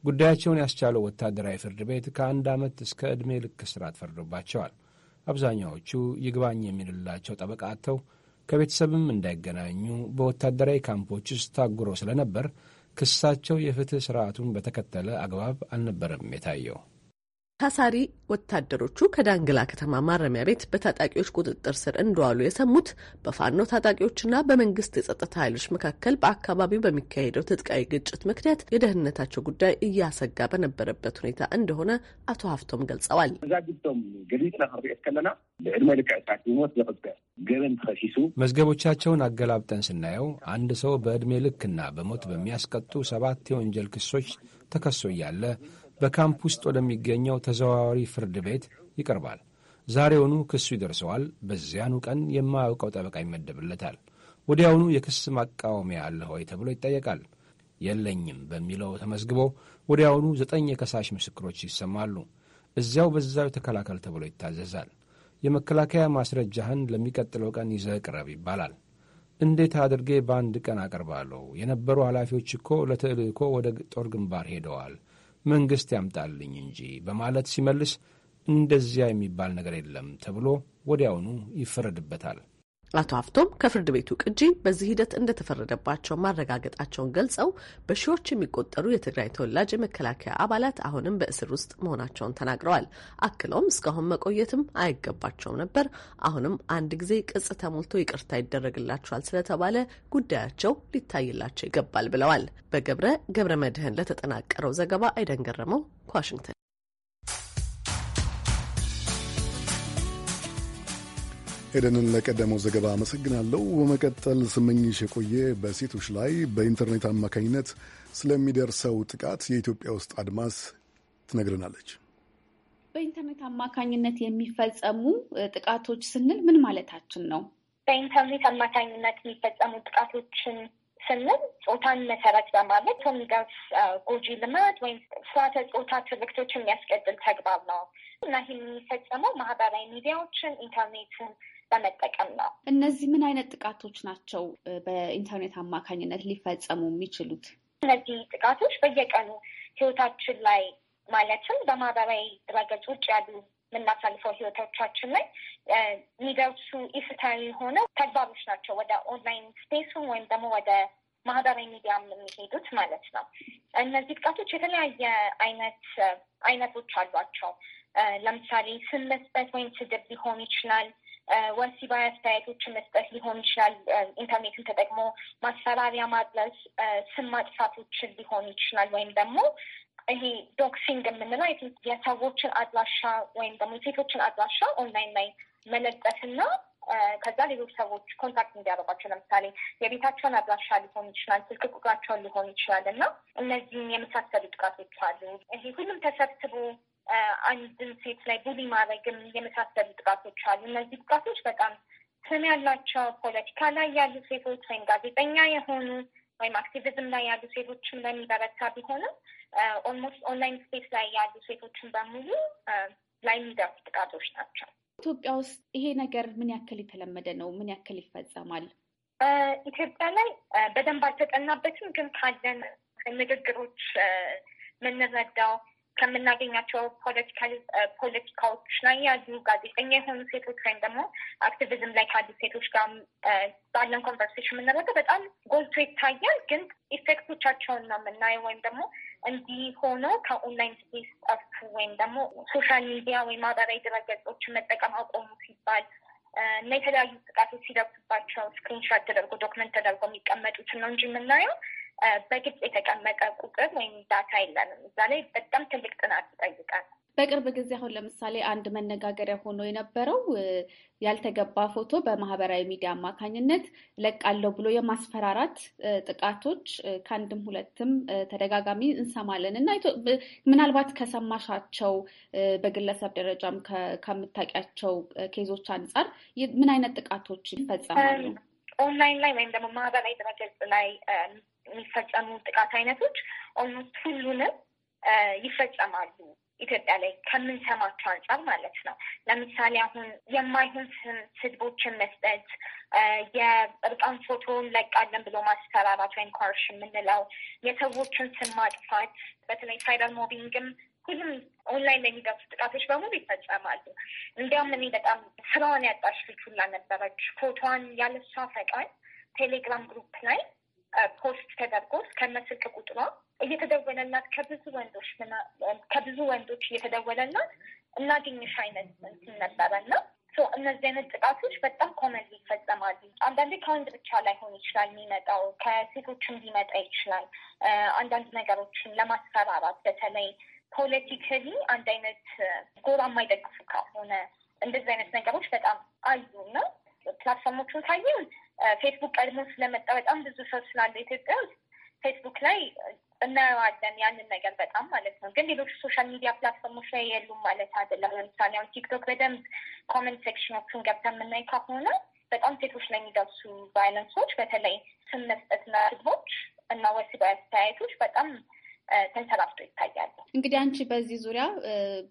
ጉዳያቸውን ያስቻለው ወታደራዊ ፍርድ ቤት ከአንድ ዓመት እስከ ዕድሜ ልክ እስራት ፈርዶባቸዋል። አብዛኛዎቹ ይግባኝ የሚልላቸው ጠበቃ አጥተው ከቤተሰብም እንዳይገናኙ በወታደራዊ ካምፖች ውስጥ ታጉረው ስለነበር ክሳቸው የፍትህ ስርዓቱን በተከተለ አግባብ አልነበረም የታየው። ታሳሪ ወታደሮቹ ከዳንግላ ከተማ ማረሚያ ቤት በታጣቂዎች ቁጥጥር ስር እንደዋሉ የሰሙት በፋኖ ታጣቂዎችና በመንግስት የጸጥታ ኃይሎች መካከል በአካባቢው በሚካሄደው ትጥቃዊ ግጭት ምክንያት የደህንነታቸው ጉዳይ እያሰጋ በነበረበት ሁኔታ እንደሆነ አቶ ሀፍቶም ገልጸዋል። መዝገቦቻቸውን አገላብጠን ስናየው አንድ ሰው በዕድሜ ልክና በሞት በሚያስቀጡ ሰባት የወንጀል ክሶች ተከሶ እያለ በካምፕ ውስጥ ወደሚገኘው ተዘዋዋሪ ፍርድ ቤት ይቀርባል። ዛሬውኑ ክሱ ይደርሰዋል። በዚያኑ ቀን የማያውቀው ጠበቃ ይመደብለታል። ወዲያውኑ የክስ ማቃወሚያ አለ ወይ ተብሎ ይጠየቃል። የለኝም በሚለው ተመዝግቦ ወዲያውኑ ዘጠኝ የከሳሽ ምስክሮች ይሰማሉ። እዚያው በዛው ተከላከል ተብሎ ይታዘዛል። የመከላከያ ማስረጃህን ለሚቀጥለው ቀን ይዘህ ቅረብ ይባላል። እንዴት አድርጌ በአንድ ቀን አቀርባለሁ? የነበሩ ኃላፊዎች እኮ ለተልእኮ ወደ ጦር ግንባር ሄደዋል መንግሥት ያምጣልኝ እንጂ በማለት ሲመልስ እንደዚያ የሚባል ነገር የለም ተብሎ ወዲያውኑ ይፈረድበታል። አቶ ሀፍቶም ከፍርድ ቤቱ ቅጂ በዚህ ሂደት እንደተፈረደባቸው ማረጋገጣቸውን ገልጸው በሺዎች የሚቆጠሩ የትግራይ ተወላጅ የመከላከያ አባላት አሁንም በእስር ውስጥ መሆናቸውን ተናግረዋል። አክለውም እስካሁን መቆየትም አይገባቸውም ነበር፣ አሁንም አንድ ጊዜ ቅጽ ተሞልቶ ይቅርታ ይደረግላቸዋል ስለተባለ ጉዳያቸው ሊታይላቸው ይገባል ብለዋል። በገብረ ገብረ መድህን ለተጠናቀረው ዘገባ አይደን ገረመው ከዋሽንግተን ኤደንን ለቀደመው ዘገባ አመሰግናለሁ። በመቀጠል ስመኝሽ የቆየ በሴቶች ላይ በኢንተርኔት አማካኝነት ስለሚደርሰው ጥቃት የኢትዮጵያ ውስጥ አድማስ ትነግረናለች። በኢንተርኔት አማካኝነት የሚፈጸሙ ጥቃቶች ስንል ምን ማለታችን ነው? በኢንተርኔት አማካኝነት የሚፈጸሙ ጥቃቶችን ስንል ጾታን መሰረት በማለት የሚደርስ ጎጂ ልማድ ወይም ስርዓተ ጾታ ትርክቶች የሚያስቀጥል ተግባር ነው እና ይህ የሚፈጸመው ማህበራዊ ሚዲያዎችን ኢንተርኔትን በመጠቀም ነው። እነዚህ ምን አይነት ጥቃቶች ናቸው በኢንተርኔት አማካኝነት ሊፈጸሙ የሚችሉት? እነዚህ ጥቃቶች በየቀኑ ህይወታችን ላይ ማለትም በማህበራዊ ድረገጽ ውጭ ያሉ የምናሳልፈው ህይወቶቻችን ላይ የሚደርሱ ኢፍትሐዊ የሆነው ተግባሮች ናቸው። ወደ ኦንላይን ስፔሱ ወይም ደግሞ ወደ ማህበራዊ ሚዲያ የሚሄዱት ማለት ነው። እነዚህ ጥቃቶች የተለያየ አይነት አይነቶች አሏቸው። ለምሳሌ ስም መስጠት ወይም ስድብ ሊሆን ይችላል። ወሲባዊ አስተያየቶችን መስጠት ሊሆን ይችላል። ኢንተርኔትን ተጠቅሞ ማስፈራሪያ ማድረስ፣ ስም ማጥፋቶችን ሊሆን ይችላል ወይም ደግሞ ይሄ ዶክሲንግ የምንለው የሰዎችን አድራሻ ወይም ደግሞ የሴቶችን አድራሻ ኦንላይን ላይ መለጠፍና ከዛ ሌሎች ሰዎች ኮንታክት እንዲያደርጓቸው ለምሳሌ የቤታቸውን አድራሻ ሊሆን ይችላል፣ ስልክ ቁጥራቸውን ሊሆን ይችላል እና እነዚህም የመሳሰሉ ጥቃቶች አሉ። ይሄ ሁሉም ተሰብስቦ አንድን ሴት ላይ ቡሊ ማድረግም የመሳሰሉ ጥቃቶች አሉ። እነዚህ ጥቃቶች በጣም ስም ያላቸው ፖለቲካ ላይ ያሉ ሴቶች ወይም ጋዜጠኛ የሆኑ ወይም አክቲቪዝም ላይ ያሉ ሴቶችን ለሚበረታ ቢሆንም ኦልሞስት ኦንላይን ስፔስ ላይ ያሉ ሴቶችን በሙሉ ላይ የሚደርሱ ጥቃቶች ናቸው። ኢትዮጵያ ውስጥ ይሄ ነገር ምን ያክል የተለመደ ነው? ምን ያክል ይፈጸማል? ኢትዮጵያ ላይ በደንብ አልተጠናበትም፣ ግን ካለን ንግግሮች የምንረዳው ከምናገኛቸው ፖለቲካዎች ላይ ያሉ ጋዜጠኛ የሆኑ ሴቶች ወይም ደግሞ አክቲቪዝም ላይ ካሉ ሴቶች ጋር ባለን ኮንቨርሴሽን የምናደርገው በጣም ጎልቶ ይታያል። ግን ኢፌክቶቻቸውን ነው የምናየው ወይም ደግሞ እንዲህ ሆኖ ከኦንላይን ስፔስ ጠፉ ወይም ደግሞ ሶሻል ሚዲያ ወይም ማህበራዊ ድረገጾችን መጠቀም አቆሙ ሲባል እና የተለያዩ ጥቃቶች ሲደርሱባቸው ስክሪንሾት ተደርጎ ዶክመንት ተደርጎ የሚቀመጡት ነው እንጂ የምናየው በግልጽ የተቀመጠ ቁጥር ወይም ዳታ የለንም። እዛ ላይ በጣም ትልቅ ጥናት ይጠይቃል። በቅርብ ጊዜ አሁን ለምሳሌ አንድ መነጋገሪያ ሆኖ የነበረው ያልተገባ ፎቶ በማህበራዊ ሚዲያ አማካኝነት ለቃለው ብሎ የማስፈራራት ጥቃቶች ከአንድም ሁለትም ተደጋጋሚ እንሰማለን እና ምናልባት ከሰማሻቸው በግለሰብ ደረጃም ከምታውቂያቸው ኬዞች አንጻር ምን አይነት ጥቃቶች ይፈጸማሉ? ኦንላይን ላይ ወይም ደግሞ ማህበራዊ ድረገጽ ላይ የሚፈጸሙ ጥቃት አይነቶች ኦልሞስት ሁሉንም ይፈጸማሉ። ኢትዮጵያ ላይ ከምንሰማቸው አንጻር ማለት ነው። ለምሳሌ አሁን የማይሆን ስም ስድቦችን መስጠት፣ የእርቃን ፎቶን ለቃለን ብሎ ማስፈራራት ወይም ኮርሽን የምንለው የሰዎችን ስም ማጥፋት፣ በተለይ ሳይበር ሞቢንግም ሁሉም ኦንላይን ለሚደርሱ ጥቃቶች በሙሉ ይፈጸማሉ። እንዲያውም እኔ በጣም ስራዋን ያጣች ልጅ ነበረች ፎቶዋን ያለሷ ፈቃድ ቴሌግራም ግሩፕ ላይ ፖስት ተደርጎ እስከነ ስልክ ቁጥሯ እየተደወለላት ከብዙ ወንዶች ከብዙ ወንዶች እየተደወለላት እናገኝሽ አይነት እንትን ነበረና እነዚህ አይነት ጥቃቶች በጣም ኮመን ይፈጸማሉ። አንዳንዴ ከወንድ ብቻ ላይሆን ይችላል የሚመጣው ከሴቶችም ሊመጣ ይችላል። አንዳንድ ነገሮችን ለማስፈራራት በተለይ ፖለቲካሊ አንድ አይነት ጎራ የማይደግፉ ከሆነ እንደዚህ አይነት ነገሮች በጣም አሉ እና ፕላትፎርሞቹን ካየን ፌስቡክ ቀድሞ ስለመጣ በጣም ብዙ ሰው ስላለ ኢትዮጵያ ውስጥ ፌስቡክ ላይ እናየዋለን ያንን ነገር በጣም ማለት ነው። ግን ሌሎች ሶሻል ሚዲያ ፕላትፎርሞች ላይ የሉም ማለት አይደለም። ለምሳሌ አሁን ቲክቶክ በደንብ ኮመንት ሴክሽኖችን ገብተን የምናይ ከሆነ በጣም ሴቶች ላይ የሚደርሱ ቫይለንሶች፣ በተለይ ስም መስጠትና ስድቦች እና ወሲባዊ አስተያየቶች በጣም ተንሰራፍቶ ይታያሉ። እንግዲህ አንቺ በዚህ ዙሪያ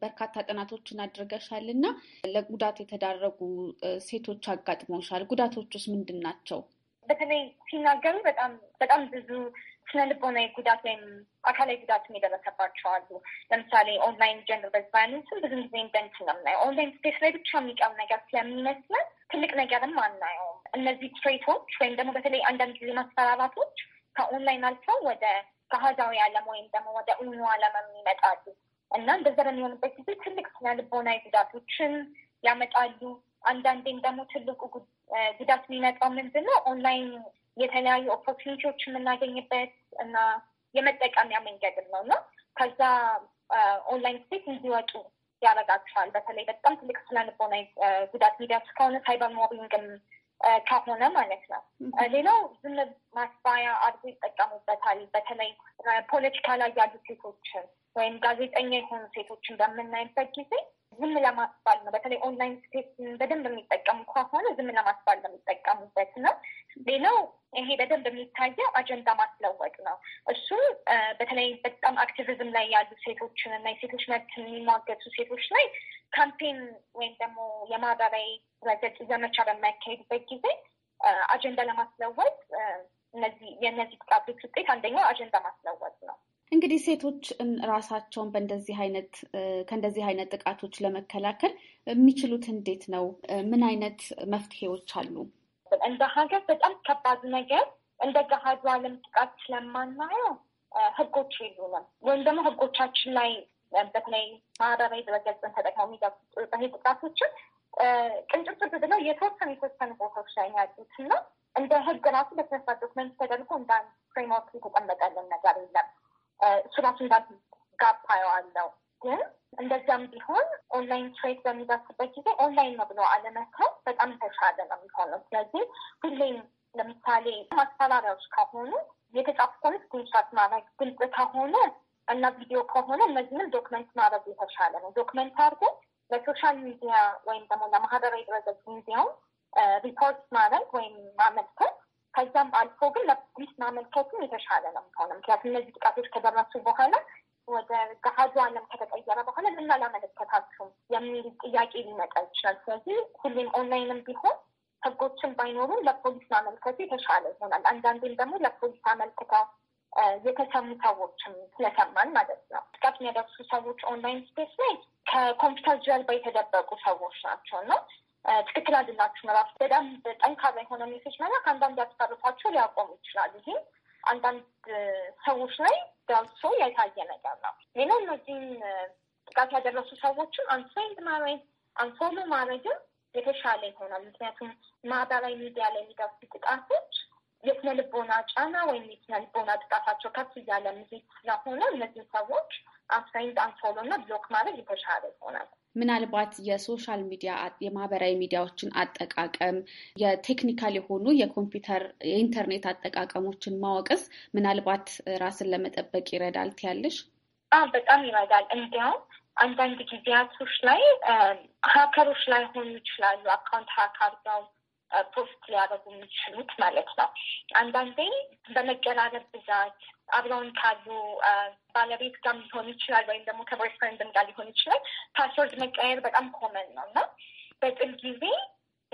በርካታ ጥናቶችን አድርገሻል እና ለጉዳት የተዳረጉ ሴቶች አጋጥመውሻል። ጉዳቶቹስ ምንድን ናቸው? በተለይ ሲናገሩ በጣም በጣም ብዙ ስነ ልቦናዊ ጉዳት ወይም አካላዊ ጉዳትም የደረሰባቸው አሉ። ለምሳሌ ኦንላይን ጀንደር ቤዝድ ቫዮለንስን ብዙ ጊዜ እንደንት ነው የምናየው። ኦንላይን ስፔስ ላይ ብቻ የሚቀር ነገር ስለሚመስለን ትልቅ ነገርም አናየውም። እነዚህ ትሬቶች ወይም ደግሞ በተለይ አንዳንድ ጊዜ ማስፈራራቶች ከኦንላይን አልፈው ወደ ከአህዛዊ ዓለም ወይም ደግሞ ወደ እኑ ዓለም ይመጣሉ እና እንደዛ በሚሆንበት ጊዜ ትልቅ ስነ ልቦናዊ ጉዳቶችን ያመጣሉ። አንዳንዴም ደግሞ ትልቁ ጉዳት የሚመጣው ምንድን ነው? ኦንላይን የተለያዩ ኦፖርቹኒቲዎች የምናገኝበት እና የመጠቀሚያ መንገድም ነው እና ከዛ ኦንላይን ስቴት እንዲወጡ ያረጋቸዋል። በተለይ በጣም ትልቅ ስነ ልቦናዊ ጉዳት ሚዲያ እስከሆነ ሳይበር ሞቢንግም ካልሆነ ማለት ነው። ሌላው ዝም ማስባያ አድርጎ ይጠቀሙበታል። በተለይ ፖለቲካ ላይ ያሉ ሴቶችን ወይም ጋዜጠኛ የሆኑ ሴቶችን በምናይበት ጊዜ ዝም ለማስባል ነው። በተለይ ኦንላይን ስፔስ በደንብ የሚጠቀሙ ከሆነ ዝም ለማስባል ነው የሚጠቀሙበት ነው። ሌላው ይሄ በደንብ የሚታየው አጀንዳ ማስለወጥ ነው። እሱ በተለይ በጣም አክቲቪዝም ላይ ያሉ ሴቶችን እና የሴቶች መብት የሚሟገቱ ሴቶች ላይ ካምፔን ወይም ደግሞ የማህበራዊ ረገጽ ዘመቻ በሚያካሄዱበት ጊዜ አጀንዳ ለማስለወጥ እነዚህ የእነዚህ ጥቃቶች ውጤት አንደኛው አጀንዳ ማስለወጥ ነው። እንግዲህ ሴቶች ራሳቸውን በእንደዚህ አይነት ከእንደዚህ አይነት ጥቃቶች ለመከላከል የሚችሉት እንዴት ነው? ምን አይነት መፍትሄዎች አሉ? እንደ ሀገር በጣም ከባድ ነገር እንደ ገሃዱ ዓለም ጥቃት ስለማናየው ህጎች የሉንም ወይም ደግሞ ህጎቻችን ላይ በተለይ ማህበራዊ ድረገጽን ተጠቅመው የሚደርሱ ጥቃቶችን ቅንጭብ ቅንጭብጭብ ብለው የተወሰኑ የተወሰኑ ቦታዎች ላይ ያሉት እና እንደ ህግ ራሱ በስነስራ ዶክመንት ተደርጎ እንደ አንድ ፍሬምወርክ የተቀመጠልን ነገር የለም። እሱ ራሱ እንዳ ጋፓ ያዋለው ግን እንደዛም ቢሆን ኦንላይን ትሬድ በሚደርስበት ጊዜ ኦንላይን ነው ብሎ አለመተው በጣም የተሻለ ነው የሚሆነው። ስለዚህ ሁሌም ለምሳሌ ማስፈራሪያዎች ከሆኑ የተጻፉት ጉንሻት ማድረግ ግልጽ ከሆነ እና ቪዲዮ ከሆነ እነዚህንም ዶክመንት ማድረግ የተሻለ ነው። ዶክመንት አድርጎ ለሶሻል ሚዲያ ወይም ደግሞ ለማህበራዊ ድረገጽ ሚዲያውን ሪፖርት ማድረግ ወይም ማመልከት ከዛም አልፎ ግን ለፖሊስ ማመልከቱም የተሻለ ነው ሆነ ምክንያቱም እነዚህ ጥቃቶች ከደረሱ በኋላ ወደ ገሀዱ ዓለም ከተቀየረ በኋላ ምን አላመለከታችሁም የሚል ጥያቄ ሊመጣ ይችላል። ስለዚህ ሁሌም ኦንላይንም ቢሆን ህጎችን ባይኖሩም ለፖሊስ ማመልከቱ የተሻለ ይሆናል። አንዳንዴም ደግሞ ለፖሊስ አመልክተ የተሰሙ ሰዎችም ስለሰማን ማለት ነው። ጥቃት የሚያደርሱ ሰዎች ኦንላይን ስፔስ ላይ ከኮምፒውተር ጀርባ የተደበቁ ሰዎች ናቸው እና ትክክል አይደላችሁም። መራፍ በጣም ጠንካራ የሆነ ሜሴጅ መላክ አንዳንድ ያስታርፋቸው ሊያቆሙ ይችላል። ይህም አንዳንድ ሰዎች ላይ ደርሶ የታየ ነገር ነው። ሌላው እነዚህን ጥቃት ያደረሱ ሰዎችን አንሳይንድ ማድረግ አንፎሎ ማድረግም የተሻለ ይሆናል። ምክንያቱም ማህበራዊ ሚዲያ ላይ የሚደርሱ ጥቃቶች የስነ ልቦና ጫና ወይም የስነ ልቦና ጥቃታቸው ከፍ እያለ ምዜት ስለሆነ እነዚህ ሰዎች አንሳይንድ አንፎሎ እና ብሎክ ማድረግ የተሻለ ይሆናል። ምናልባት የሶሻል ሚዲያ የማህበራዊ ሚዲያዎችን አጠቃቀም፣ የቴክኒካል የሆኑ የኮምፒውተር የኢንተርኔት አጠቃቀሞችን ማወቅስ ምናልባት ራስን ለመጠበቅ ይረዳል ትያለሽ? በጣም ይረዳል። እንዲያውም አንዳንድ ጊዜያቶች ላይ ሀከሮች ሆኑ ይችላሉ አካውንት ሀክ አድርገው ፖስት ሊያደርጉ የሚችሉት ማለት ነው። አንዳንዴ በመገላለብ ብዛት አብረውን ካሉ ባለቤት ጋር ሊሆን ይችላል፣ ወይም ደግሞ ከቦይፍሬንድም ጋር ሊሆን ይችላል። ፓስወርድ መቀየር በጣም ኮመን ነው እና በጥል ጊዜ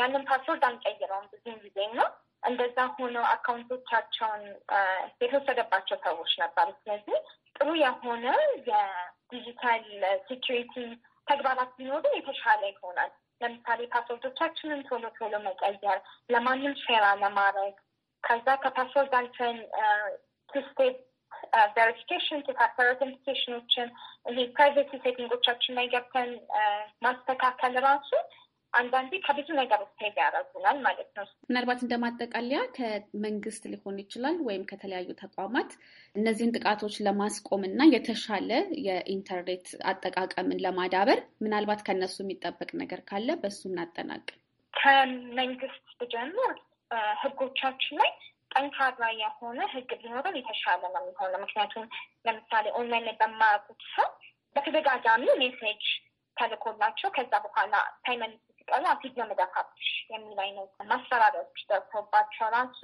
ያንን ፓስወርድ አንቀይረውም ብዙም ጊዜ ነው። እንደዛ ሆኖ አካውንቶቻቸውን የተወሰደባቸው ሰዎች ነበሩ። ስለዚህ ጥሩ የሆነ የዲጂታል ሴኪሪቲ ተግባራት ቢኖሩ የተሻለ ይሆናል። ለምሳሌ ፓስወርዶቻችንን ቶሎ ቶሎ መቀየር፣ ለማንም ሼር አለማድረግ፣ ከዛ ከፓስወርድ አልፈን ቱስቴፕ ቬሪፊኬሽን የታሰረ አውተንቲኬሽኖችን ይሄ ፕራይቬሲ ሴቲንጎቻችን ላይ ገብተን ማስተካከል ራሱ አንዳንዴ ከብዙ ነገሮች ሄድ ያደረጉናል ማለት ነው። ምናልባት እንደማጠቃለያ ከመንግስት ሊሆን ይችላል ወይም ከተለያዩ ተቋማት እነዚህን ጥቃቶች ለማስቆም እና የተሻለ የኢንተርኔት አጠቃቀምን ለማዳበር ምናልባት ከነሱ የሚጠበቅ ነገር ካለ በሱ እናጠናቅ። ከመንግስት ብጀምር ህጎቻችን ላይ ጠንካራ የሆነ ህግ ቢኖረን የተሻለ ነው የሚሆነው። ምክንያቱም ለምሳሌ ኦንላይን ላይ በማያውቁት ሰው በተደጋጋሚ ሜሴጅ ተልኮላቸው ከዛ በኋላ ሳይመልሱ ሲቀሉ አብሪት ለመዳካብሽ የሚል አይነት ማስፈራሪያዎች ደርሶባቸው ራሱ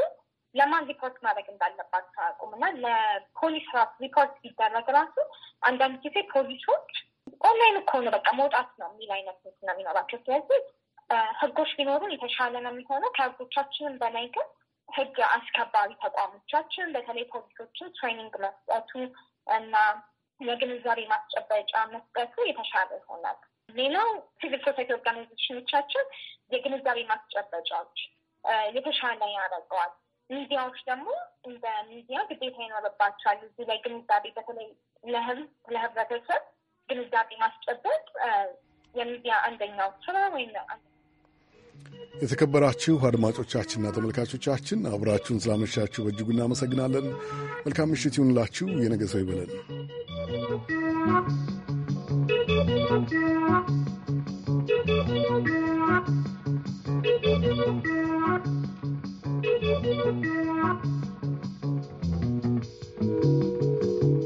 ለማን ሪፖርት ማድረግ እንዳለባቸው አቁም እና ለፖሊስ ራሱ ሪፖርት ሲደረግ ራሱ አንዳንድ ጊዜ ፖሊሶች ኦንላይን እኮ ነው በቃ መውጣት ነው የሚል አይነት ነት ነው የሚኖራቸው። ስለዚህ ህጎች ቢኖሩን የተሻለ ነው የሚሆነው። ከህጎቻችንም በላይ ግን ህግ አስከባሪ ተቋሞቻችን በተለይ ፖሊሶችን ትሬኒንግ መስጠቱ እና የግንዛቤ ማስጨበጫ መስጠቱ የተሻለ ይሆናል። ሌላው ሲቪል ሶሳይቲ ኦርጋናይዜሽኖቻችን የግንዛቤ ማስጨበጫዎች የተሻለ ያደርገዋል። ሚዲያዎች ደግሞ እንደ ሚዲያ ግዴታ ይኖርባቸዋል። እዚህ ላይ ግንዛቤ በተለይ ለህዝብ ለህብረተሰብ ግንዛቤ ማስጨበጥ የሚዲያ አንደኛው ስራ ወይም የተከበራችሁ አድማጮቻችንና ተመልካቾቻችን አብራችሁን ስላመሻችሁ በእጅጉ እናመሰግናለን። መልካም ምሽት ይሁንላችሁ። የነገ ሰው ይበለን። Thank you.